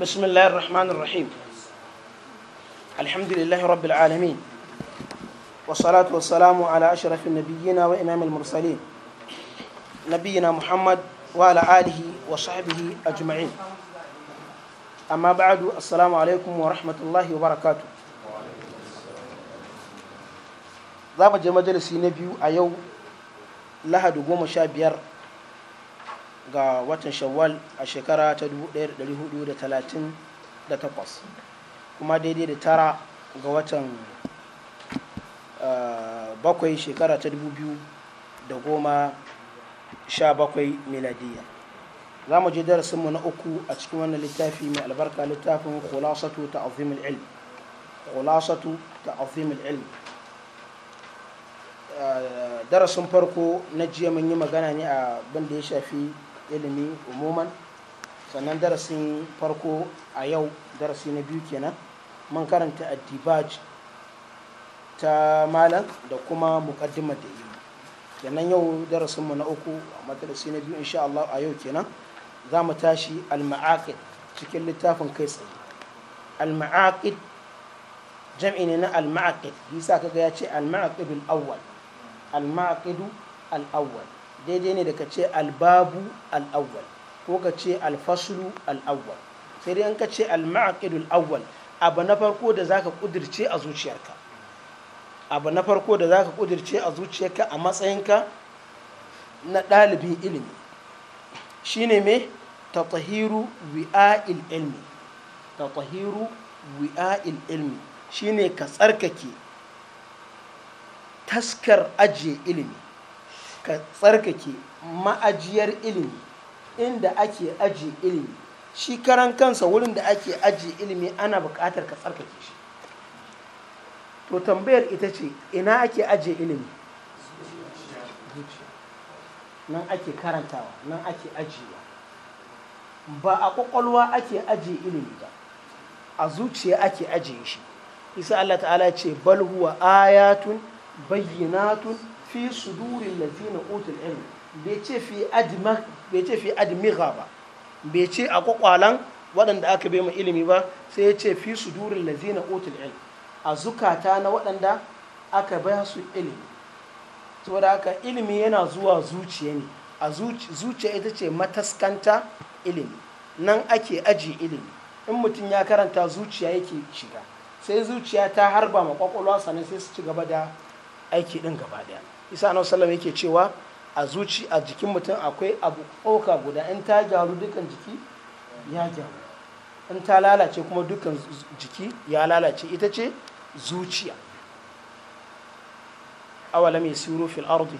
بسم الله الرحمن الرحيم الحمد لله رب العالمين والصلاة والسلام على أشرف النبيين وإمام المرسلين نبينا محمد وعلى آله وصحبه أجمعين أما بعد السلام عليكم ورحمة الله وبركاته za mu je majalisi na biyu a yau lahadi goma sha biyar ga watan shawwal a shekara ta 1438 kuma daidai da tara ga watan eh, bakwai shekara ta 2017 miladiya za mu je darasinmu na uku a cikin wannan littafi mai albarka littafin khulasatu ta azimul ilm khulasatu ta azimul ilm eh, darasin farko na jiya mun yi magana ne a abin da ya shafi ilimi umuman sannan darasin farko a yau darasi na biyu kenan man karanta addibaj ta malam da kuma mukaddimar da yi kenan yau darasinmu na uku a madarasi na biyu insha Allah a yau kenan za mu tashi al cikin littafin kai tsaye al-ma'aqid ne na al-ma'aqid yasa kaga ya ce al-ma'aqidul awwal al-ma'aqidul awwal daidai ne da ka ce albabu al'awwal ko ka ce alfaslu al'awwal sai dai an ka ce al awwal abu na farko da zaka kudirce a zuciyarka abu na farko da zaka kudirce a zuciyarka a matsayinka na ɗalibin ilimi shine me tatahiru wi'a'il ilmi tatahiru wi'a'il ilmi shine ka tsarkake taskar ajiye ilimi ka tsarkake ma'ajiyar ilimi inda ake aji ilimi shi karan kansa wurin da ake aji ilimi ana buƙatar ka tsarkake shi to tambayar ita ce ina ake aji ilimi nan ake karantawa nan ake ajiyewa ba a ƙwaƙwalwa ake aji ilimi ba a zuciya ake ajiye shi isa Allah ta'ala ce balhuwa ayatun bayyanatun fi sudurin lazina utul ilm bai ce fi bai admiga ba bai ce a kwakwalan waɗanda aka bai ma ilimi ba sai ya ce fi sudurin lazina otun ilm a zukata na waɗanda aka bai su ilimi saboda aka ilimi yana zuwa zuciya ne a zuciya ita ce mataskanta ilimi nan ake aji ilimi in mutum ya karanta zuciya yake shiga sai zuciya ta harba ma kwakwalwa sannan sai su ci gaba da aiki din gaba daya isa annabi sallam yake cewa a zuci a jikin mutum akwai abu ƙoka guda in ta gyaru dukkan jiki ya gyaru in ta lalace kuma dukkan jiki ya lalace ita ce zuciya awala awalam yasiru fil ardi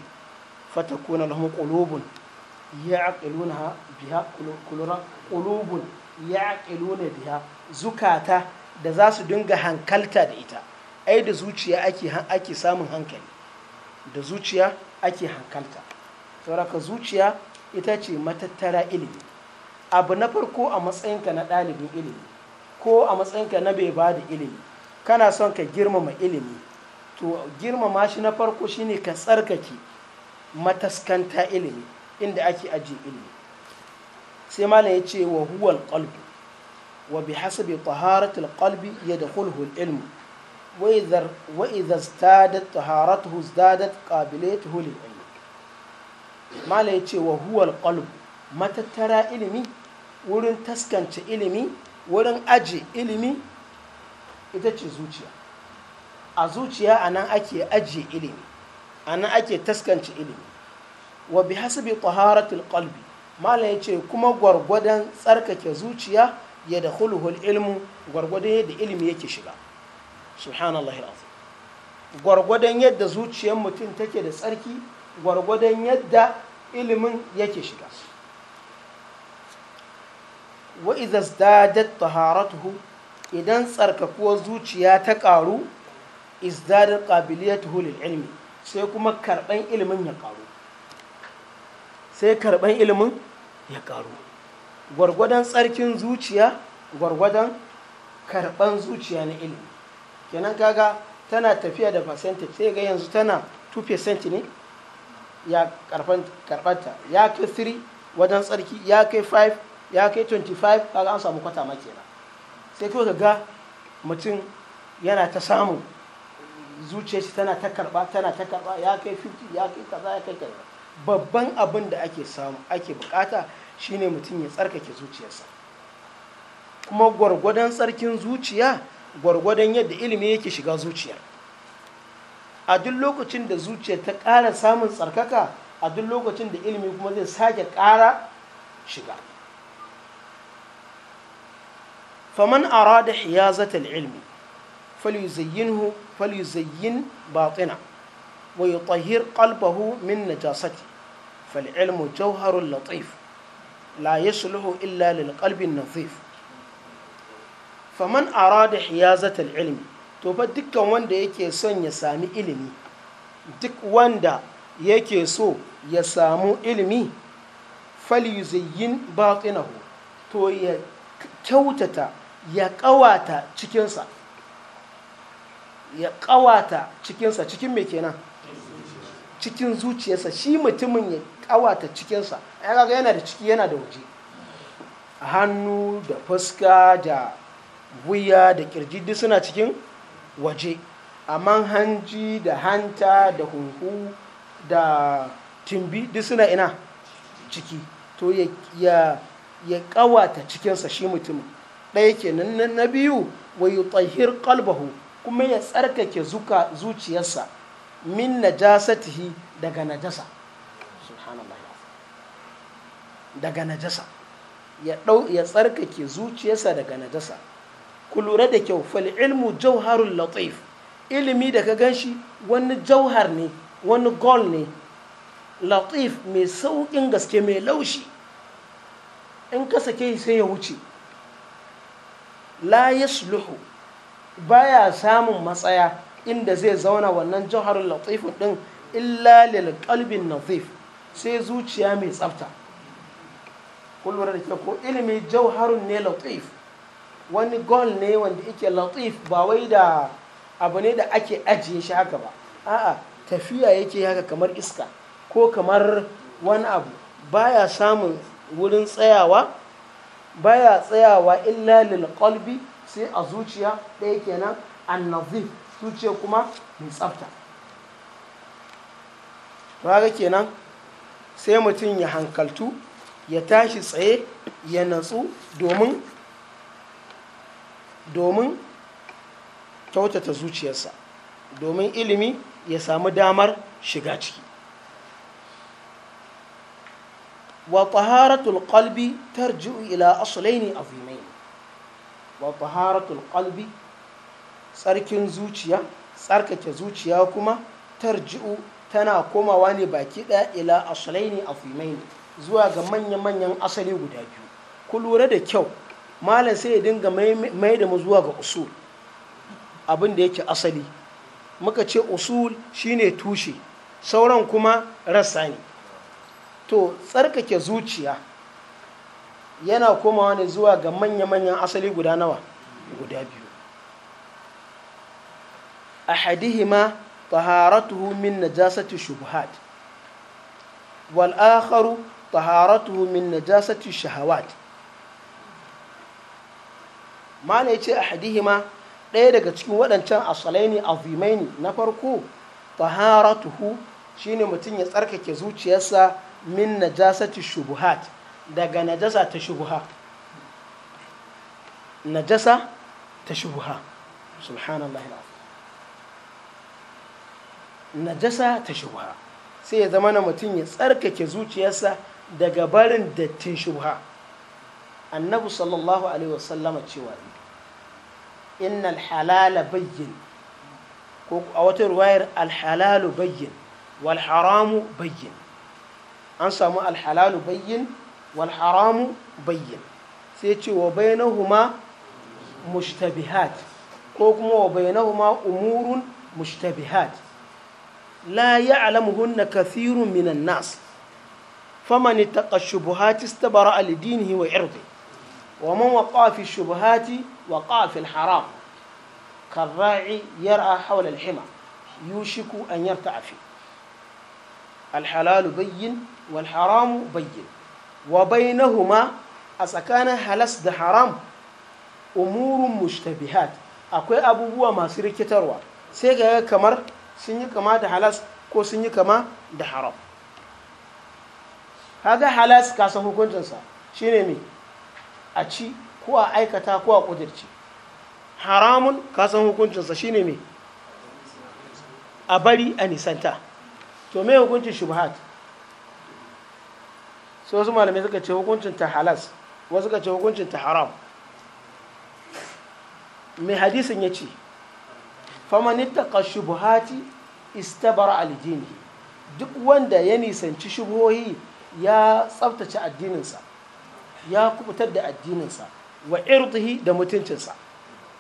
aƙilu na biya ya'qiluna ƙulubun ya aƙilu na biya zukata da za su dinga hankalta da ita ai da zuciya ake samun hankali da zuciya ake hankalta sauraka zuciya ita ce matattara ilimi abu na farko a matsayinka na ɗalibin ilimi ko a matsayinka na bai ba da ilimi kana son ka girmama ilimi to girmama shi na farko shine ka tsarkake mataskanta ilimi inda ake ajiye ilimi sai malam ya ce wa huwal qalbi wa bi hasabi taharatul qalbi yadkhuluhu al ilmu وإذا ازدادت طهارته ازدادت قابليته للعلم ما لا يتي وهو القلب ما تترى إلمي ورن تسكنت إلمي ورن أجي إلمي ita ce zuciya a zuciya ana nan ake ajiye ilimi a nan ake taskance ilimi wa bi hasabi taharatul qalbi mala ya ce kuma gwargwadon tsarkake zuciya ya da hulhul ilmu gwargwadon yadda ilimi yake shiga subhanallah al'azim gwargwadon yadda zuciyar mutum take da tsarki gwargwadon yadda ilimin yake shiga wa idza izdadat taharatuhu idan tsarkakuwar zuciya ta karu izdadat qabiliyatuhu lil ilmi sai kuma karban ilimin ya karu sai karban ilimin ya karu gwargwadon tsarkin zuciya gwargwadon karban zuciya na ilimi kenan kaga tana tafiya da percentage sai ga yanzu tana 2% ne ya karbanta ya kai 3 wajen tsarki ya kai 5 ya kai 25 kaga an samu kwata ma kenan sai kawai ga mutum yana ta samu zuciyar shi tana ta karba tana ta karba ya kai 50 ya kai kaza ya kai kaza babban abin da ake samu ake bukata shine mutum ya tsarkake zuciyarsa kuma gwargwadon tsarkin zuciya gwargwadon yadda ilimi yake shiga zuciya a duk lokacin da zuciya ta ƙara samun tsarkaka a duk lokacin da ilimi kuma zai sake ƙara shiga faman arada hiyazatal ilmi falyuzayyinhu falyuzayyin batina wa yutahhir ƙalbahu min najasati fal ilmu jawharul latif la yasluhu illa lil qalbi nazif faman da hiyazatar ilmi to fa dukkan wanda yake son ya sami ilimi duk wanda yake so ya samu ilimi falyuzayyin batinahu to ya kyautata ya kawata cikinsa ya kawata cikinsa cikin me kenan cikin zuciyarsa shi mutumin ya kawata cikinsa ya kaga yana da ciki yana da waje hannu da fuska da wuya da kirji duk suna cikin waje amma hanji da hanta da hunhu da timbi duk suna ina ciki to ya kawata cikinsa shi mutum ɗaya kenan na biyu wai tsahir kalbahu kuma ya tsarkake zuka zuciyarsa min najasatihi daga najasa daga najasa ya tsarkake zuciyarsa daga najasa ku da kyau fal ilmu jauharul latif ilimi da ka ganshi wani jauhar ne wani gol ne latif mai sauƙin gaske mai laushi in ka sake sai ya wuce la yasluhu baya samun matsaya inda zai zauna wannan jauharul latif din illa lil qalbin natif sai zuciya mai tsafta kulura da kyau ko ilimi jauharun ne latif wani gol ne wanda yake latif ba wai da abu ne da ake ajiye shi haka ba a'a tafiya yake haka kamar iska ko kamar wani abu baya samun wurin tsayawa baya tsayawa illa lil qalbi sai a zuciya ɗaya kenan annazif zuciya kuma mai tsafta raga kenan sai mutum ya hankaltu ya tashi tsaye ya natsu domin domin kyautata zuciyarsa domin ilimi ya samu damar shiga ciki wa taharatul qalbi tarji'u ila aslaini azimain wa taharatul qalbi tsarkin zuciya tsarkake zuciya kuma tarji'u tana komawa ne baki ɗaya ila aslaini azimain zuwa ga manya-manyan asali guda biyu ku lura da kyau malam sai ya dinga mai da mu zuwa ga usul abin da yake asali muka ce usul shine tushe sauran kuma rassa ne to tsarkake zuciya yana komawa ne zuwa ga manya-manyan asali guda nawa guda biyu a hadihima taharatuhu min najasati shubuhat wal akharu taharatuhu min najasati shahawat mana ya ce a ma ɗaya daga cikin waɗancan asalaini azimaini na farko taharatuhu shine mutum ya tsarkake zuciyarsa min najasati shubuhat daga najasa ta shubuha najasa ta shubuha subhanallah najasa ta shubuha sai ya zama na mutum ya tsarkake zuciyarsa daga barin dattin shubuha annabi sallallahu alaihi wasallama cewa innal halala bayyin ko a wata ruwayar alhalalu bayyin wal haramu bayyin an samu alhalalu bayyin wal haramu bayyin sai ce wa bainahuma mushtabihat ko kuma wa bainahuma umurun mushtabihat la ya'lamuhunna kathirun minan nas faman ittaqa shubuhat istabara li dinihi wa irdihi wa man waqa fi shubuhati wa fi haram kan karra'i yar a al-hima yushiku an yarta'a alhalalu al-halal bayyin wal haram bayyin wa bainahuma a tsakanin halas da haram umurun mushtabihat akwai abubuwa masu rikitarwa sai ga kamar sun yi kama da halas ko sun yi kama da haram kaga halas ka san hukuncinsa shine me a ci ko a aikata ko a ƙudirci haramun kasan hukuncinsa shine mai a bari a nisanta to mai hukuncin shubhat sai wasu malamai suka ce hukuncin ta halas wasu suka ce hukuncin ta haram mai hadisin ya ce faman ka shubuhati istabara aljini duk wanda ya nisanci shubuhohi ya tsabtace addininsa ya kubutar da addininsa wa irdihi da mutuncinsa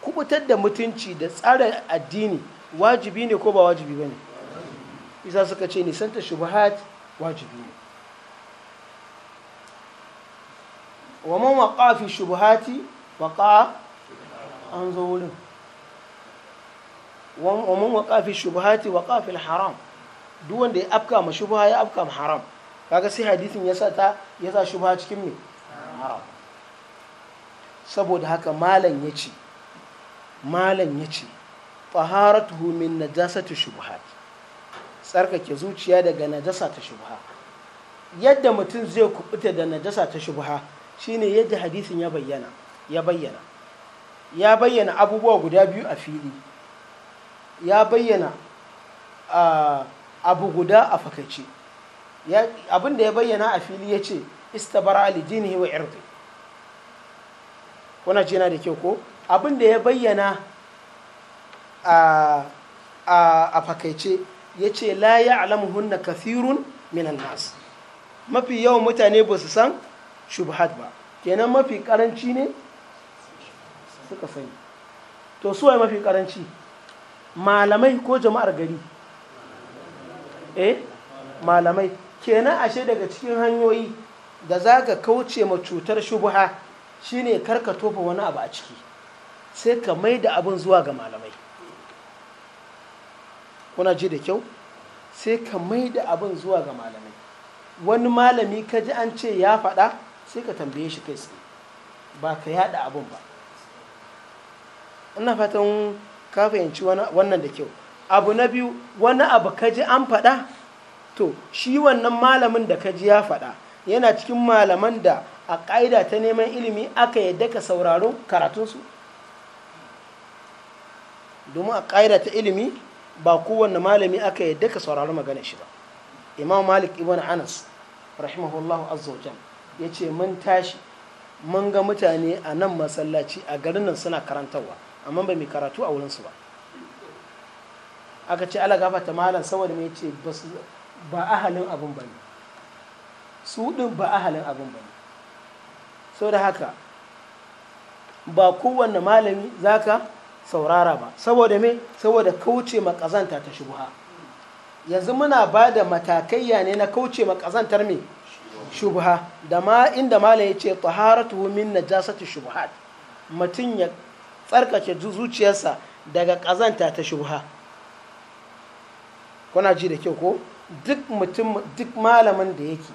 kubutar da mutunci da tsara addini wajibi ne ko ba wajibi ba ne isa suka ce nisanta shubuhat wajibi ne wa man waqa fi shubuhati waqa an zo wurin wa man waqa fi shubuhati waqa fil haram duk wanda ya afka ma shubha ya afka ma haram kaga sai hadisin ya sa ta ya sa cikin me haram saboda haka malam ya ce malam ya ce taharatuhu min najasatu shubha tsarkake zuciya daga najasa ta shubha yadda mutum zai kubuta da najasa ta shubha shine yadda hadisin ya bayyana ya bayyana ya bayyana abubuwa guda biyu a fili ya bayyana ah, abu guda a fakaci abin da ya bayyana a fili ya ce istabara li dinihi wa irdi wana ce yana da kyau ko abin da ya bayyana a a fakaice ya ce la ya'lamuhunna kathirun minan nas mafi yawan mutane ba su san shubhat ba kenan mafi karanci ne suka sani to suwaye mafi karanci malamai ko jama'ar gari eh malamai kenan ashe daga cikin hanyoyi da za ka kauce ma cutar shubuha shine kar ka tofa wani abu a ciki sai ka mai da abin zuwa ga malamai kuna ji da kyau sai ka mai da abin zuwa ga malamai wani malami ka ji an ce ya faɗa sai ka tambaye shi kai tsaye ba ka yada abin ba ina fatan ka fahimci wannan da kyau abu na biyu wani abu ka ji an faɗa to shi wannan malamin da ka ji ya faɗa yana cikin malaman da a ƙa'ida ta neman ilimi aka yadda ka sauraron karatunsu domin a ƙa'ida ta ilimi ba kowanne malami aka yadda ka sauraron magana shi ba imam malik ibn anas rahimahullahu azzawajal ya ce mun tashi mun ga mutane a nan masallaci a garin nan suna karantarwa amma ba mai karatu a wurinsu ba aka ce ala ta malam saboda mai ce ba ahalin abin ba ne su ɗin ba ahalin abin ba So da haka ba kowanne malami zaka saurara ba saboda me saboda kauce makazanta ta shubuha. yanzu muna ba da matakaiya ne na kauce makazantar me Shubuha. da ma inda malam ya ce taharatu min najasati shubhat mutum ya tsarkake zuciyarsa daga kazanta ta shubuha. kuna ji da kyau ko duk malamin da yake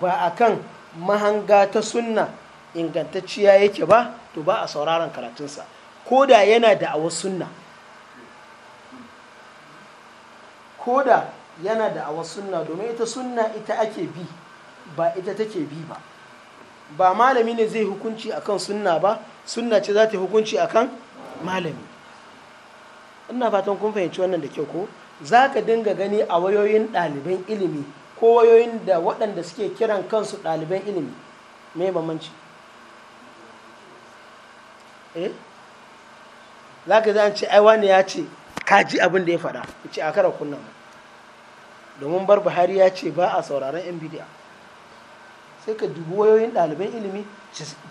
ba a kan mahanga ta sunna ingantacciya yake ba to ba a sauraron karatunsa ko da yana da awa sunna ko da yana da awa sunna domin ita sunna ita ake bi ba ita take bi ba ba malami ne zai hukunci akan sunna ba sunna ce za ta hukunci akan malami ina fatan kun fahimci wannan da kyau ko za ka dinga gani a wayoyin ɗaliban ilimi ko da waɗanda suke kiran kansu ɗaliban ilimi mai bambanci eh za ka ce ai wani ya ce kaji abin da ya faɗa ya ce a kara kunna domin bar buhari ya ce ba a sauraron yan bidiya sai ka dubi wayoyin ɗaliban ilimi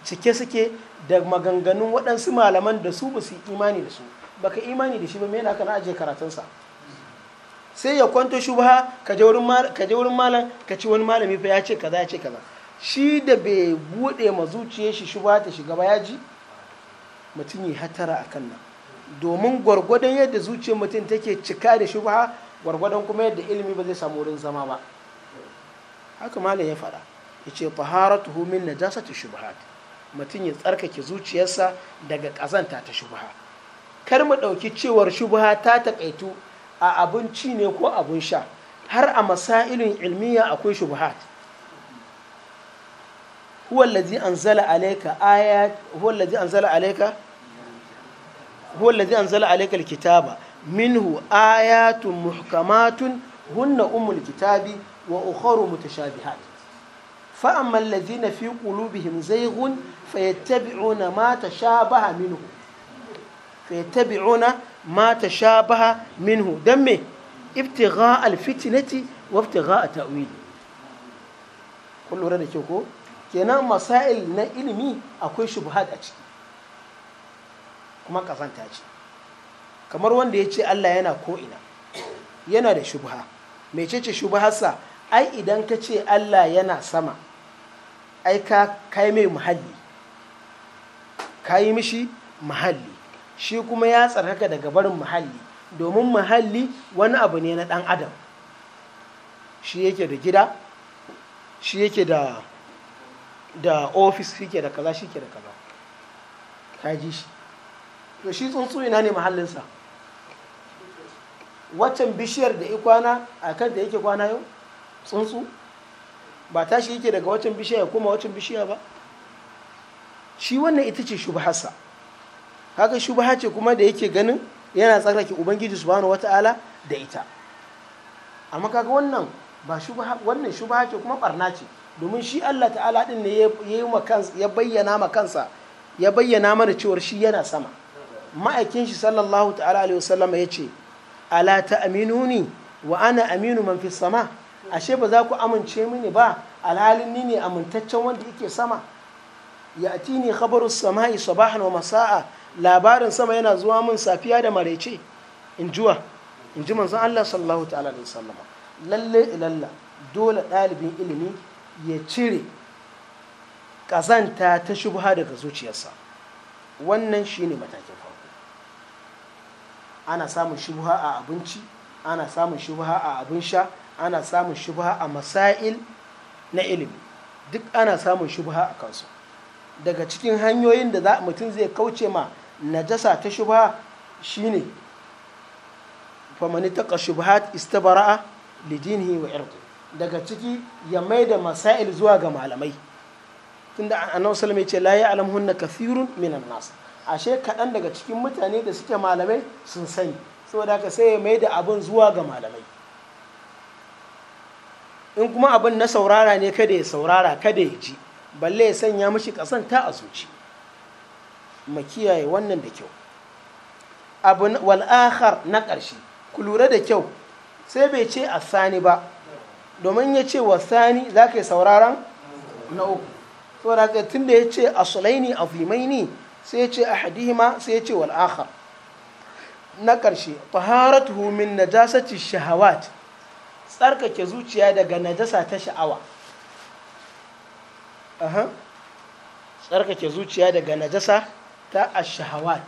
cike suke da maganganun waɗansu malaman da su ba su imani da su baka imani da shi ba mai na kana ajiye karatunsa sai ya kwanto shubha ka ka je wurin malam ka ci wani malami fa ya ce kaza ya ce kaza shi da bai bude ma zuciyar shi ta shiga ba ya ji mutum ya hatara akan nan domin gwargwadon yadda zuciyar mutum take cika da shubha gwargwadon kuma yadda ilimi ba zai samu wurin zama ba haka malam ya faɗa ya ce tuhu min najasati shubhat mutum ya tsarkake zuciyarsa daga kazanta ta shubha kar mu ɗauki cewar shubha ta taƙaitu a abinci ne ko abin sha har a masailin ilmiya akwai shubuhat huwa anzala alayka ayat anzala alayka alkitaba minhu ayatun muhkamatun hunna umul kitabi wa ukharu mutashabihat fa amma allazina fi qulubihim zayghun fayattabi'una ma tashabaha minhu ma ta sha baha minhu dan me iftira alfitinati wa ibtigha ta'wili kun lura da ke ko kenan masail na ilimi akwai shubuhat a ciki kuma kazanta ce kamar wanda ya ce Allah yana ko'ina yana da shubha ce shubharsa ai idan ka ce Allah yana sama ai ka kai mai muhalli ka yi mishi muhalli shi kuma ya tsarkaka daga barin muhalli domin muhalli wani abu ne na ɗan adam shi yake da gida shi yake da da ofis shi ke da kaza shi ke da kaza ka ji shi to shi tsuntsu ina ne muhallinsa waccan bishiyar da ya kwana a kan da yake kwana yau tsuntsu ba tashi yake daga waccan bishiya kuma waccan bishiya ba shi wannan ita ce shubhasa haka shubha ce kuma da yake ganin yana tsarrake ubangiji subhanahu wata'ala da ita amma kaga wannan ba shubha wannan shubha ce kuma barna ce domin shi Allah ta'ala din ne ya bayyana ma kansa ya bayyana mana cewar shi yana sama ma'aikin shi sallallahu ta'ala alaihi wasallam ya ce ala ta'minuni wa ana aminu man fi sama ashe ba za ku amince mini ba alhalin ni ne amintaccen wanda yake sama ya'tini khabarus sama'i sabahan wa masa'a labarin sama yana zuwa mun safiya da maraice in juwa in ji manzon Allah sallallahu ta'ala da sallama lalle ilalla dole ɗalibin ilimi ya cire ƙazanta ta shubha daga zuciyarsa wannan shine matakin farko ana samun shubha a abinci ana samun shubha a abin sha ana samun shubha a masail na ilimi duk ana samun shubha a kansu daga cikin hanyoyin da mutum zai kauce ma najasa ta shubha shine famani taqa shubhat istabara'a lidinihi wa irqi daga ciki ya mai da masail zuwa ga malamai tunda annabi sallallahu ya ce la ya'lamuhunna kathirun minan nas ashe kaɗan daga cikin mutane da suke malamai sun sani saboda haka sai ya mai da abin zuwa ga malamai in kuma abin na saurara ne kada ya saurara kada ya ji balle ya sanya mashi kasanta a zuci makiyaye kiyaye wannan da kyau abu walakar na ƙarshe ku lura da kyau sai bai ce a sani ba domin ya ce wa sani za ka yi sauraron na uku saboda ka tun da ya ce a sulaini a fimaini sai ya ce a hadihima sai ya ce walakar na ƙarshe taharatuhu min najasati shahawat tsarkake zuciya daga najasa ta sha'awa tsarkake zuciya daga najasa ta ashahawat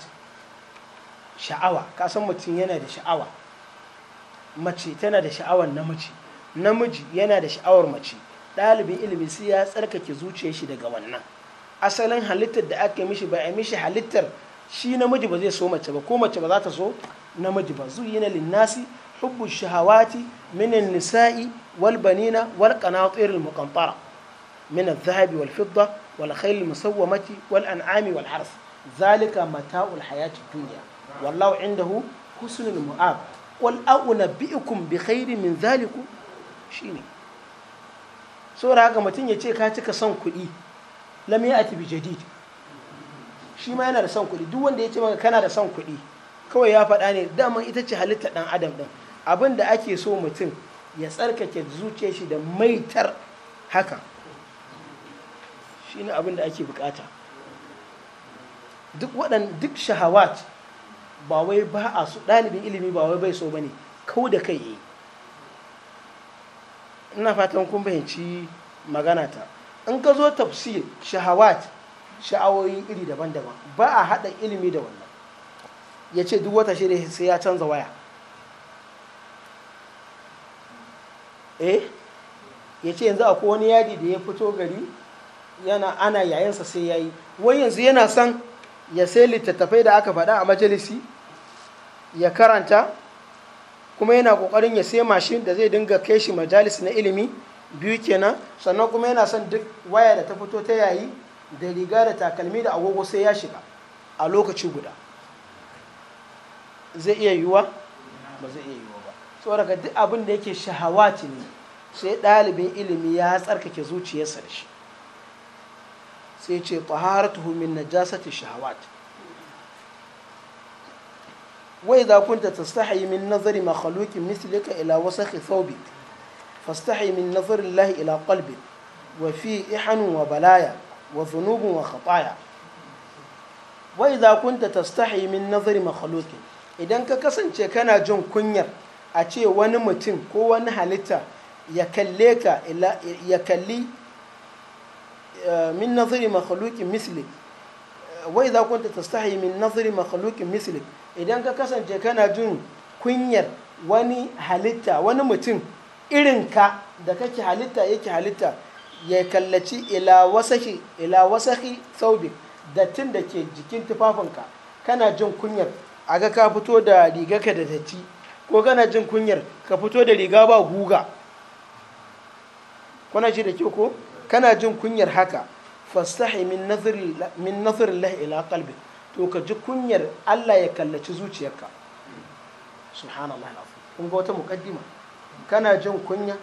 sha'awa kasan mutum yana da sha'awa mace tana da sha'awar namiji namiji yana da sha'awar mace ɗalibin ilimi sai ya tsarkake zuciyar shi daga wannan asalin halittar da aka mishi ba a mishi halittar shi namiji ba zai so mace ba ko mace ba za ta so namiji ba zuyina linnasi hubbu shahawati minan nisa'i wal banina wal qanatir al muqantara min al dhahabi wal fidda wal khayl al musawwamati wal an'ami wal harth zalika mata'ul hayati duniya wallahu indahu husnul mu'ab qul a'unabbi'ukum bi khairin min zalikum shine saboda haka mutum ya ce ka cika son kuɗi lam ati bi jadid shi ma yana da son kuɗi duk wanda ya ce maka kana da son kuɗi kawai ya faɗa ne daman ita ce halitta dan adam ɗin abin da ake so mutum ya tsarkake zuciyar shi da maitar haka shi ne abin da ake bukata duk waɗan duk shahawat ba wai ba a su ɗalibin ilimi ba wai bai so ba ne kau da kai yi eh. ina fatan kun fahimci magana ta in ka zo tafsir shahawat sha'awoyi iri daban-daban ba a haɗa ilimi da wannan ya ce duk wata shirya sai ya canza waya eh ya ce yanzu akwai wani yadi da ya fito gari yana ana yayinsa sai ya yi wai yanzu yana san ya sai littattafai da aka faɗa a majalisi ya karanta kuma yana ƙoƙarin ya sai mashin da zai dinga kai shi majalis na ilimi biyu kenan sannan kuma yana son duk waya da ta fito ta yayi da riga da takalmi da agogo sai ya shiga a lokaci guda zai iya yiwuwa ba zai iya yiwuwa ba daga duk abin da yake shahawati ne sai ɗalibin ilimi ya tsarkake zuciyarsa da shi sai ce taharatuhu min najasati shahawat wa idza ta tastahi min nazari makhluqin mislika ila wasakhi thawbik fastahi min nazari Allah ila qalbi wa fi ihan wa balaya wa dhunubun wa khataya wa idza ta tastahi min nazari makhluqin idan ka kasance kana jin kunyar a ce wani mutum ko wani halitta ya kalle ka ya kalli min nazari makhluqin mislik wa ku kunta tastahi min nazari makhluqin mislik idan ka kasance kana jin kunyar wani halitta wani mutum irin ka da kake halitta yake halitta ya kallaci ila wasahi ila wasahi saubik dattin da ke jikin tufafinka kana jin kunyar aga ka fito da riga ka da datti ko kana jin kunyar ka fito da riga ba guga kuna shi da ke ko kana jin kunyar haka fastahi min nazarin lahi ila kalbi to ka ji kunyar Allah ya kallaci zuciyarka subhanallah kun ga wata muqaddima kana jin kunya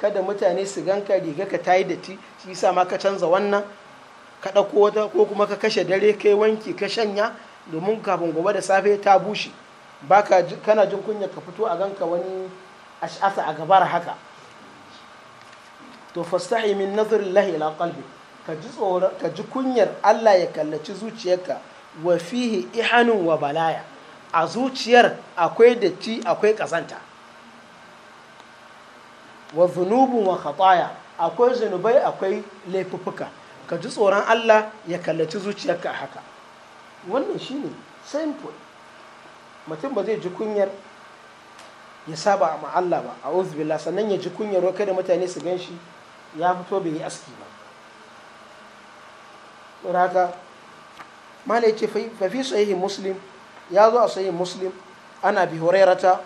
kada mutane su ganka riga ka tayi datti shi yasa ma ka canza wannan ka wata ko kuma ka kashe dare kai wanki ka shanya domin kafin gobe da safe ta bushe baka kana jin kunya ka fito a ganka wani ash'asa a gabar haka to fastahi min nazarin lahi ila qalbi ka ji ka ji kunyar Allah ya kallaci zuciyarka wa fihi ihanun wa balaya a zuciyar akwai datti akwai kazanta wa zunubun wa khataya akwai zunubai akwai laifuffuka ka ji tsoron Allah ya kallaci zuciyarka a haka wannan ne simple mutum ba zai ji kunyar ya saba ma Allah ba a uzbillah sannan ya ji kunyar wa kada mutane su gan shi ya fito bai yi aski ba haka mala ya ce fafi sahihin muslim ya zo a sahihin muslim ana bi horerata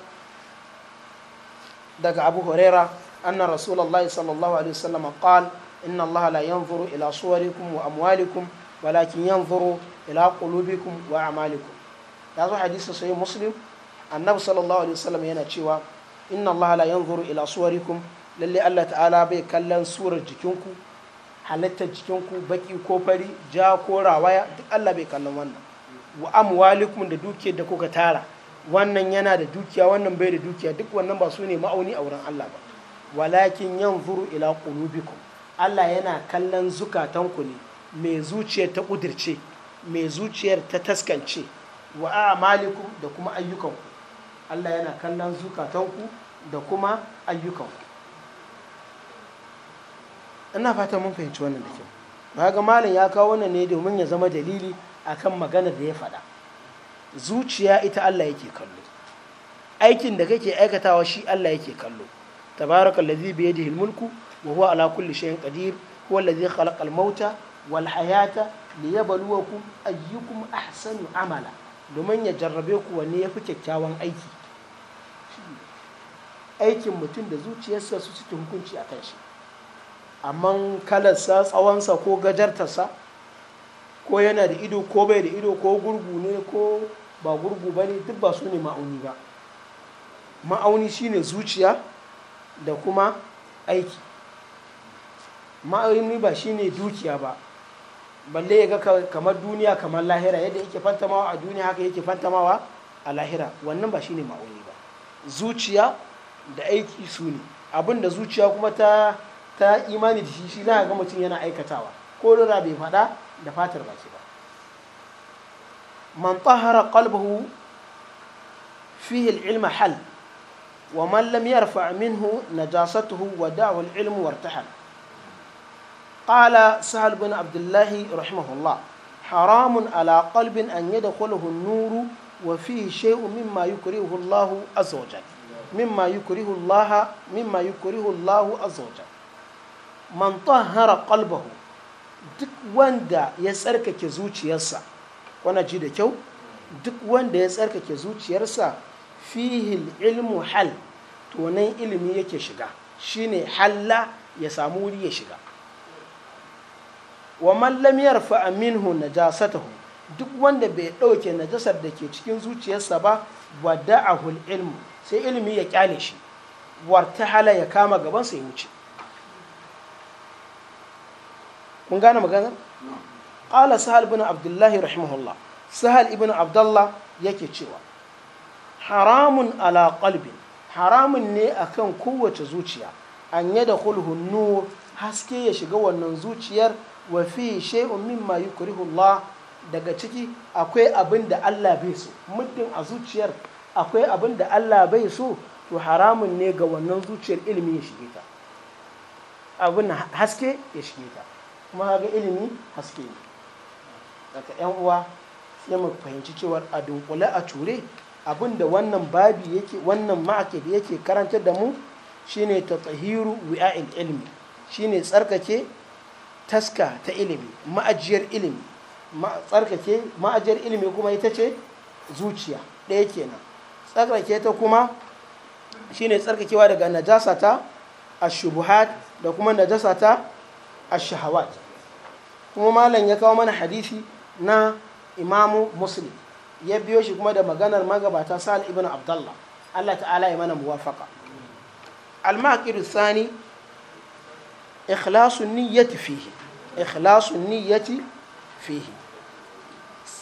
daga abu horera anna rasulullahi sallallahu alaihi wasallam qal inna allaha la yanzuru ila suwarikum wa amwalikum walakin yanzuru ila qulubikum wa a'malikum ya zo hadisin sahihin muslim annabi sallallahu alaihi wasallam yana cewa inna allaha la yanzuru ila suwarikum lalle Allah ta'ala bai kallon surar jikinku halittar jikinku baki ko fari ja ko rawaya duk Allah bai kallon wannan wa amwalikum da dukiyar da kuka tara wannan yana da dukiya wannan bai da dukiya duk wannan ba su ne ma'auni a wurin Allah ba walakin yanzuru ila qulubikum Allah yana kallon zukatanku ne mai zuciyar ta kudirce mai zuciyar ta taskance wa amalikum da kuma ayyukanku Allah yana kallon zukatanku da kuma ayyukanku ina fata mun fahimci wannan da kyau ba ga malam ya kawo wannan ne domin ya zama dalili akan magana da ya faɗa zuciya ita Allah yake kallo aikin da kake aikatawa shi Allah yake kallo tabarakallazi bi yadihi almulku wa huwa ala kulli shay'in qadir huwa allazi khalaqa almauta wal hayata liyabluwakum ayyukum ahsanu amala domin ya jarrabe ku wanne yafi kyakkyawan aiki aikin mutum da zuciyarsa su suke hukunci akan shi amma kalarsa tsawonsa ko gajartarsa ko yana da ido ko bai da ido ko gurgu ne ko ba gurgu ba ne duk ba su ne ma'auni ba ma'auni shine zuciya da kuma aiki ma'auni ba shine dukiya ba balle ya ga kamar duniya kamar lahira yadda yake fantamawa a duniya haka yake fantamawa a lahira wannan ba shine ma'auni ba zuciya da aiki su ne abin zuciya kuma ta ta imani da shi shi za ga mutum yana aikatawa ko rura bai faɗa da fatar baki ba man tahara qalbahu fihi al-ilma hal wa man lam yarfa minhu najasatuhu wa da'u al-ilm wartahal قال سهل بن عبد الله رحمه الله حرام على قلب أن يدخله النور وفيه شيء مما يكرهه الله عز وجل مما يكره الله مما يكره الله عز وجل man tahara qalbahu duk wanda ya tsarkake zuciyarsa wana ji da kyau duk wanda ya tsarkake zuciyarsa fihil ilmu hal to nan ilimi yake shiga shine halla ya samu wuri ya shiga wa man lam yarfa minhu najasatahu duk wanda bai dauke najasar da ke cikin zuciyarsa ba wada'ahu ilmu sai ilimi ya kyale shi hala ya kama gabansa ya wuce kun gane maganar qala sahal ibn abdullah rahimahullah sahal ibn abdullah yake cewa haramun ala qalbin haramun ne akan kowace zuciya an yada da nur haske ya shiga wannan zuciyar wa fi shay'un mimma yukrihu Allah daga ciki akwai abin da Allah bai so muddin a zuciyar akwai abin da Allah bai so to haramun ne ga wannan zuciyar ilimi ya shige ta abin haske ya shige ta kuma haka ilimi haske ne daga yan uwa sai mu fahimci cewar a dunkule a ture abin da wannan babi yake wannan da yake karantar da mu shine ta tsahiru wi'a'il ilimi shine tsarkake taska ta ilimi ma'ajiyar ilimi tsarkake ma'ajiyar ilimi kuma ita ce zuciya ɗaya kenan tsarkake ta kuma shine tsarkakewa daga najasa ta ashubuhat da kuma najasa ta ashahawat kuma malam ya kawo mana hadisi na imamu muslim ya biyo shi kuma da maganar magabata sal ibn abdullah allah ta'ala ya mana muwafaka al-maqir thani ikhlasun niyyati fihi ikhlasun niyyati fihi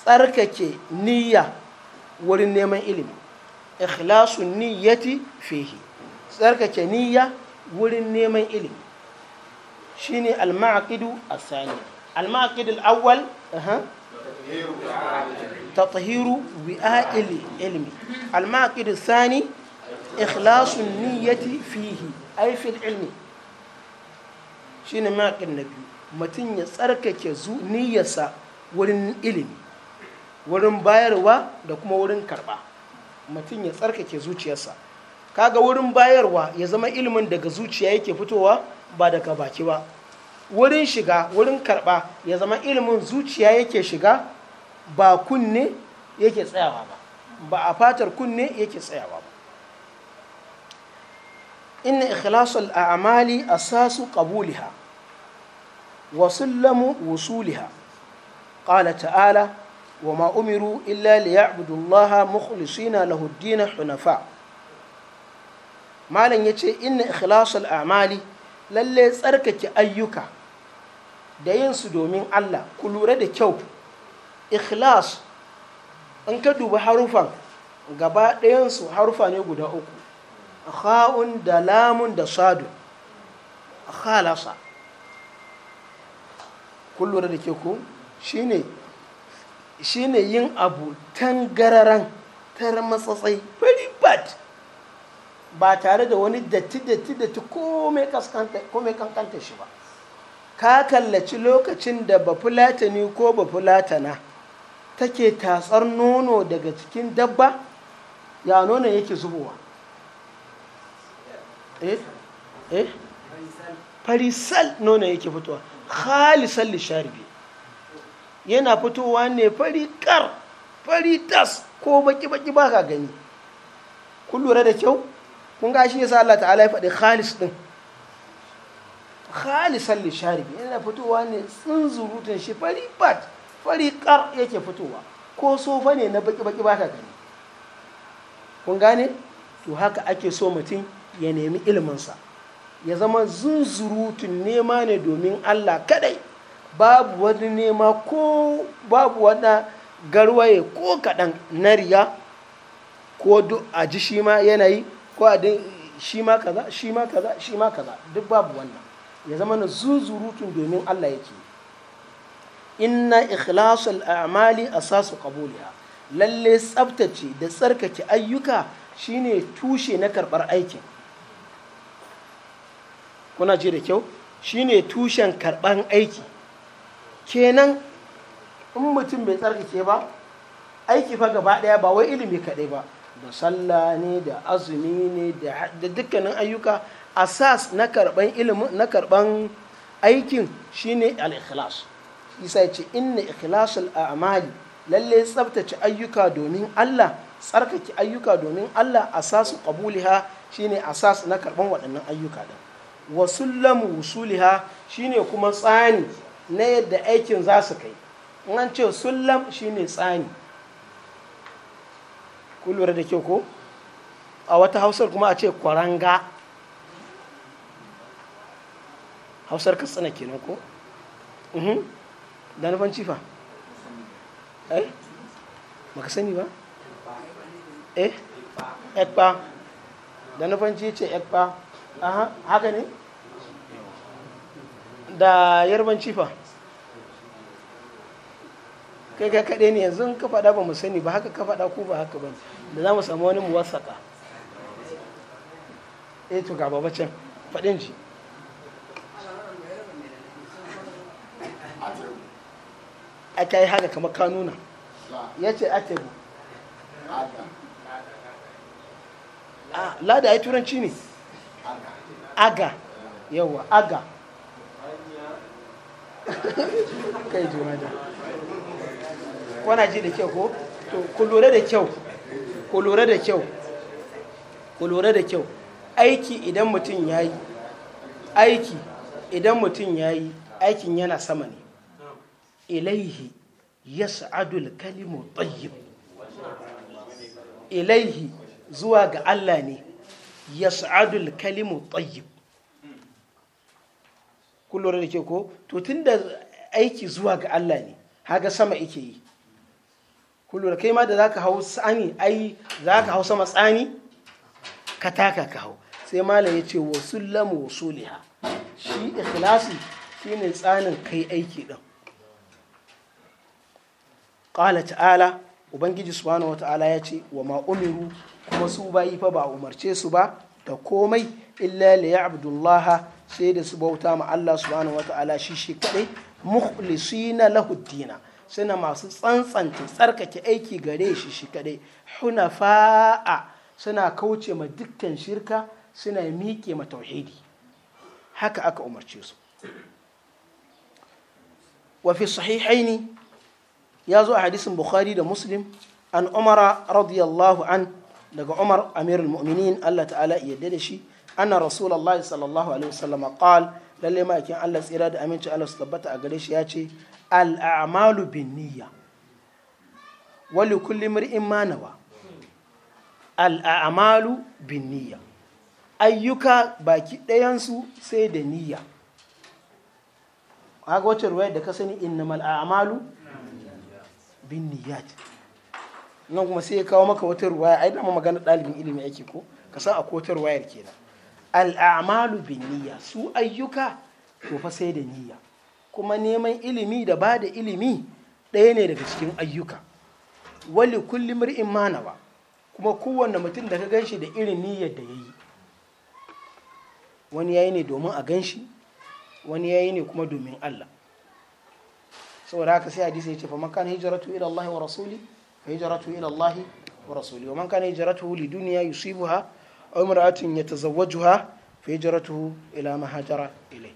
tsarkake niyya wurin neman ilimi ikhlasun niyyati fihi tsarkake niyya wurin neman ilimi shine al-maqidu as-thani المعقد الأول أه. تطهير وعاء العلم المعقد الثاني إخلاص النية فيه أي في العلم شنو معقد النبي متن يسرك كزو نية ورن علم ورن بايروا دكما ورن كربا متن يسرك كزو تيسا kaga wurin bayarwa ya zama ilimin daga zuciya yake fitowa ba daga baki ba wurin shiga wurin karɓa ya zama ilimin zuciya yake shiga ba kunne yake tsayawa ba ba a fatar kunne yake tsayawa ba inna ikhlasul a'mali asasu qabuliha wa sullamu wusuliha qala ta'ala wa ma umiru illa liya'budu allaha mukhlisina lahu ad-din hunafa malam yace inna ikhlasul a'mali lalle tsarkake ayyuka da yin su domin Allah ku lura da kyau ikhlas in ka dubi harufan gaba ɗayansu harufa ne guda uku kha'un da lamun da sadu khalasa ku lura da kyau ku shine yin abu tangararan tar matsatsai very bad ba tare da wani datti datti datti ko mai kankanta shi ba ka kallaci lokacin da bafulatani ko bafulatana take tatsar nono daga cikin dabba ya nono yake zubowa eh eh farisal nono yake fitowa khalisan lisharibi yana fitowa ne fari kar fari tas ko baki baki ba ka gani kun lura da kyau kun ga shi yasa Allah ta'ala ya faɗi khalis din halisar lisharibi yana fitowa ne tsunzurutun shi fari bat fari kar yake fitowa ko sofa ne na baki-baki ba ta gani kun gane to haka ake so mutum ya nemi ilminsa ya zama zunzurutun nema ne domin allah kadai babu wani nema ko babu wani garwaye ko kadan na riya ko a ji shi ma yanayi ko a shi ma kaza shi ma kaza shi ma kaza duk babu wannan ya zama na zuzurutun domin Allah yake inna ikhlasul a'mali asasu qabuliha lalle tsabtace da tsarkake ayyuka shine tushe na karbar aikin kuna ji da kyau shine tushen karban aiki kenan in mutum bai tsarkake ba aiki fa gaba daya ba wai ilimi kadai ba da sallah ne da azumi ne da dukkanin ayyuka asas na karban ilimin na karban aikin shine al-ikhlas isa ya ce inna ikhlasul a'mali lalle tsabtace ayyuka domin Allah tsarkake ayyuka domin Allah asasu qabuliha shine asas na karban waɗannan ayyuka din wa sullamu shine kuma tsani na yadda aikin za su kai in an ce sullam shine tsani kun lura da ke ko a wata hausar kuma a ce kwaranga hausar katsina kenan ko mhm. da nufan cifa eh maka sani ba eh ekpa da nufan ci ce ekpa aha haka ne da yarban cifa kai ka kaɗai ne yanzu ka faɗa ba mu sani ba haka ka faɗa ko ba haka ba ne da za mu samu wani muwasaka E, eh to ga babacin faɗin ji aka yi haka kamar kanuna ya ce atebu ah, lada ya turanci ne aga yawa aga kai juna da kwana ji da kyau ko to ku lura da kyau ku lura da kyau ku da kyau aiki idan mutum ya yi aiki idan mutum ya yi aikin yana sama ne ilaihi yas'adul kalimu tayyib ilaihi zuwa ga Allah ne ya yas'adul kalimu tayyib kun lura da kyau ko to tunda aiki zuwa ga Allah ne haga sama ike yi kullum kai ma da zaka hau tsani ai zaka hau sama tsani ka taka ka hau sai malam ya ce wa sullamu wa suliha shi ikhlasi shine tsanin kai aiki din qala ta'ala ubangiji subhanahu ta'ala ya ce wa ma umiru kuma su yi fa ba umarce su ba da komai illa li ya'budullaha sai da su bauta ma Allah subhanahu wata'ala shi shi kadai mukhlisina lahu dina suna masu tsantsanta tsarkake aiki gare shi shi kadai hunafa'a suna kauce ma dukkan shirka suna miƙe ma tauhidi haka aka umarce su wafi sahihaini ya zo a hadisin bukhari da muslim an umara radiyallahu an daga umar amirul mu'minin allah ta'ala yadda da shi anna rasulallah sallallahu alaihi wasallam qal lalle ma'aikin allah tsira da aminci allah su tabbata a gare shi ya ce al'amalu bin niyya wali kulli al'amalu bin ayyuka baki ɗayansu sai da niyya ga wacce ruwa da ka sani innamal a'malu bin niyyat nan kuma sai ya kawo maka wata ruwaya ai dama magana ɗalibin ilimi ake ko ka san akwai wata ruwayar kenan al'amalu bin niyya su ayyuka to fa sai da niyya kuma neman ilimi da ba da ilimi ɗaya ne daga cikin ayyuka wali kulli mir'in manawa kuma kowanne mutum da ka gan shi da irin niyyar da ya yi wani ya yi ne domin a gan shi wani ya yi ne kuma domin Allah saboda haka sai hadisi ya ce fa makan hijiratu ila Allah wa rasuli fa hijiratu ila Allah wa rasuli wa man kana hijratuhu li dunya yusibuha aw imra'atin yatazawwajuha fa hijiratu ila ma hajara ilayhi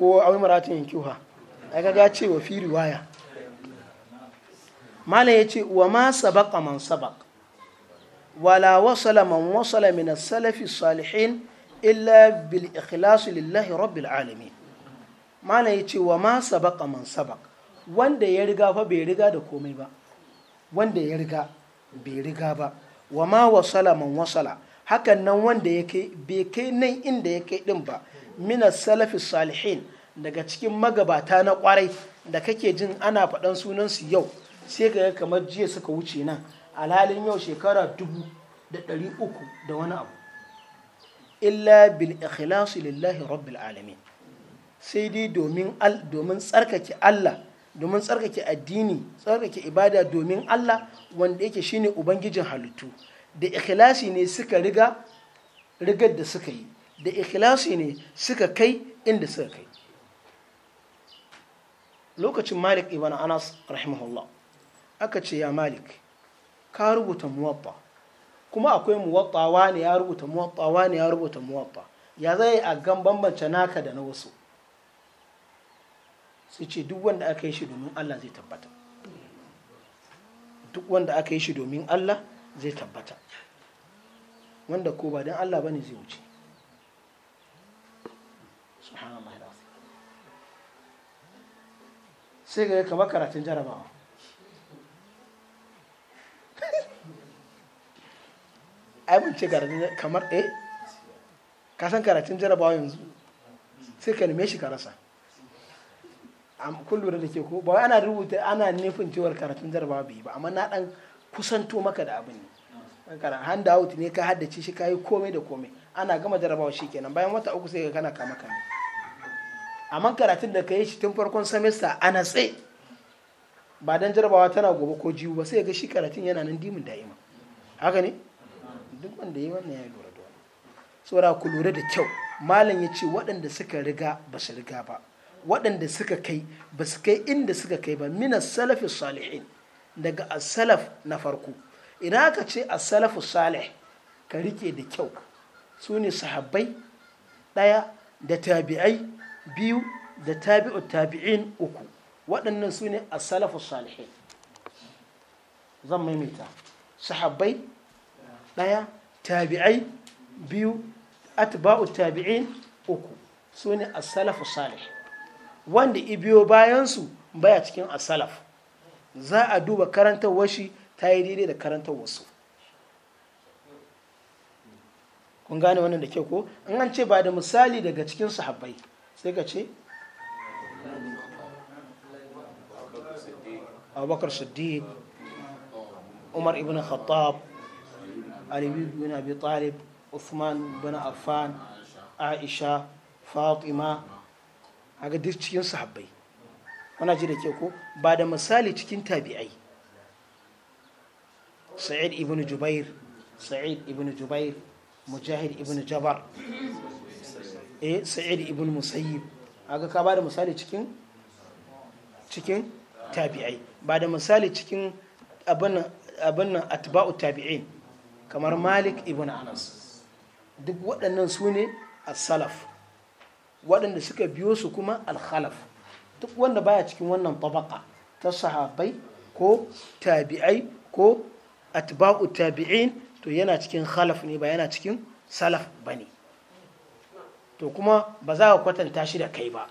ko awi maratin kyuha ai kaga ce wa fi riwaya malam ya ce wa ma sabaka man sabak wala wasala man wasala min salafi salihin illa bil ikhlas lillahi rabbil alamin malam ya ce wa ma sabaka man sabak wanda ya riga fa bai riga da komai ba wanda ya riga bai riga ba wa ma wasala man wasala hakan nan wanda ya kai bai kai nan inda ya kai din ba mina salafi salihin daga cikin magabata na kwarai da kake jin ana faɗan sunansu yau sai ka ga kamar jiya suka wuce nan alhalin yau shekara dubu da ɗari uku da wani abu illa bil ikhlasi lillahi rabbil alamin sai dai domin domin tsarkake Allah domin tsarkake addini tsarkake ibada domin Allah wanda yake shine ubangijin halittu da ikhlasi ne suka riga rigar da suka yi da ikhlasi ne suka kai inda suka kai lokacin malik ibn anas rahimahullah aka ce ya malik ka rubuta muwatta kuma akwai muwatta wani ya rubuta muwatta wani ya rubuta muwatta ya zai a gan bambance naka da na wasu sai ce duk wanda aka yi shi domin allah zai tabbata duk wanda aka yi shi domin allah zai tabbata wanda ko ba don allah bane zai wuce subhanallah sai ga kamar karatun jarabawa abin ce kamar eh kasan karatun jarabawa yanzu sai ka neme shi ka rasa kun lura da ke ko ba ana rubuta ana nufin cewar karatun jarabawa bai ba amma na dan kusanto maka da abin ne hand out ne ka haddace shi ka yi komai da komai ana gama jarabawa shi kenan bayan wata uku sai ka kana kama kama amma karatun da ka yi shi tun farkon semester ana natse ba don jarabawa tana gobe ko jiwu ba sai ga shi karatun yana nan dimin da'ima haka ne duk wanda yi wannan ya yi lura da wani tsora ku lura da kyau malam ya ce waɗanda suka riga ba su riga ba waɗanda suka kai ba su kai inda suka kai ba mina salafi salihin daga asalaf na farko idan aka ce asalafu salih ka rike da kyau su ne sahabbai ɗaya da tabi'ai biyu da tabi'ut tabi'in uku waɗannan su ne a salafu salihai zan maimaita sahabbai ɗaya tabi'ai biyu atba'ut tabi'in uku su ne a salafu salih wanda ibiyo bayansu baya cikin a salaf za a duba karantarwar shi ta yi daidai da karantarwar wasu kun gane wannan da ke ko in an ce ba da misali daga cikin sahabbai sai ka ce abubakar siddiq umar ibn khattab ali ibn abi talib usman bin affan aisha fatima a ga duk cikin sahabbai wana ji da ke ko ba da misali cikin tabi'ai sa'id ibn jubair sa'id ibn jubair mujahid ibn jabar eh sa'id ibn musayyib aga ka ba misali cikin cikin tabi'ai ba da misali cikin abin abin atba'u tabi'in kamar malik ibn anas duk waɗannan su ne as-salaf waɗanda suka biyo su kuma al-khalaf duk wanda baya cikin wannan tabaka ta sahabai ko tabi'ai ko atba'u tabi'in to yana cikin khalaf ne ba yana cikin salaf bane to kuma ba za ka kwatanta shi da kai ba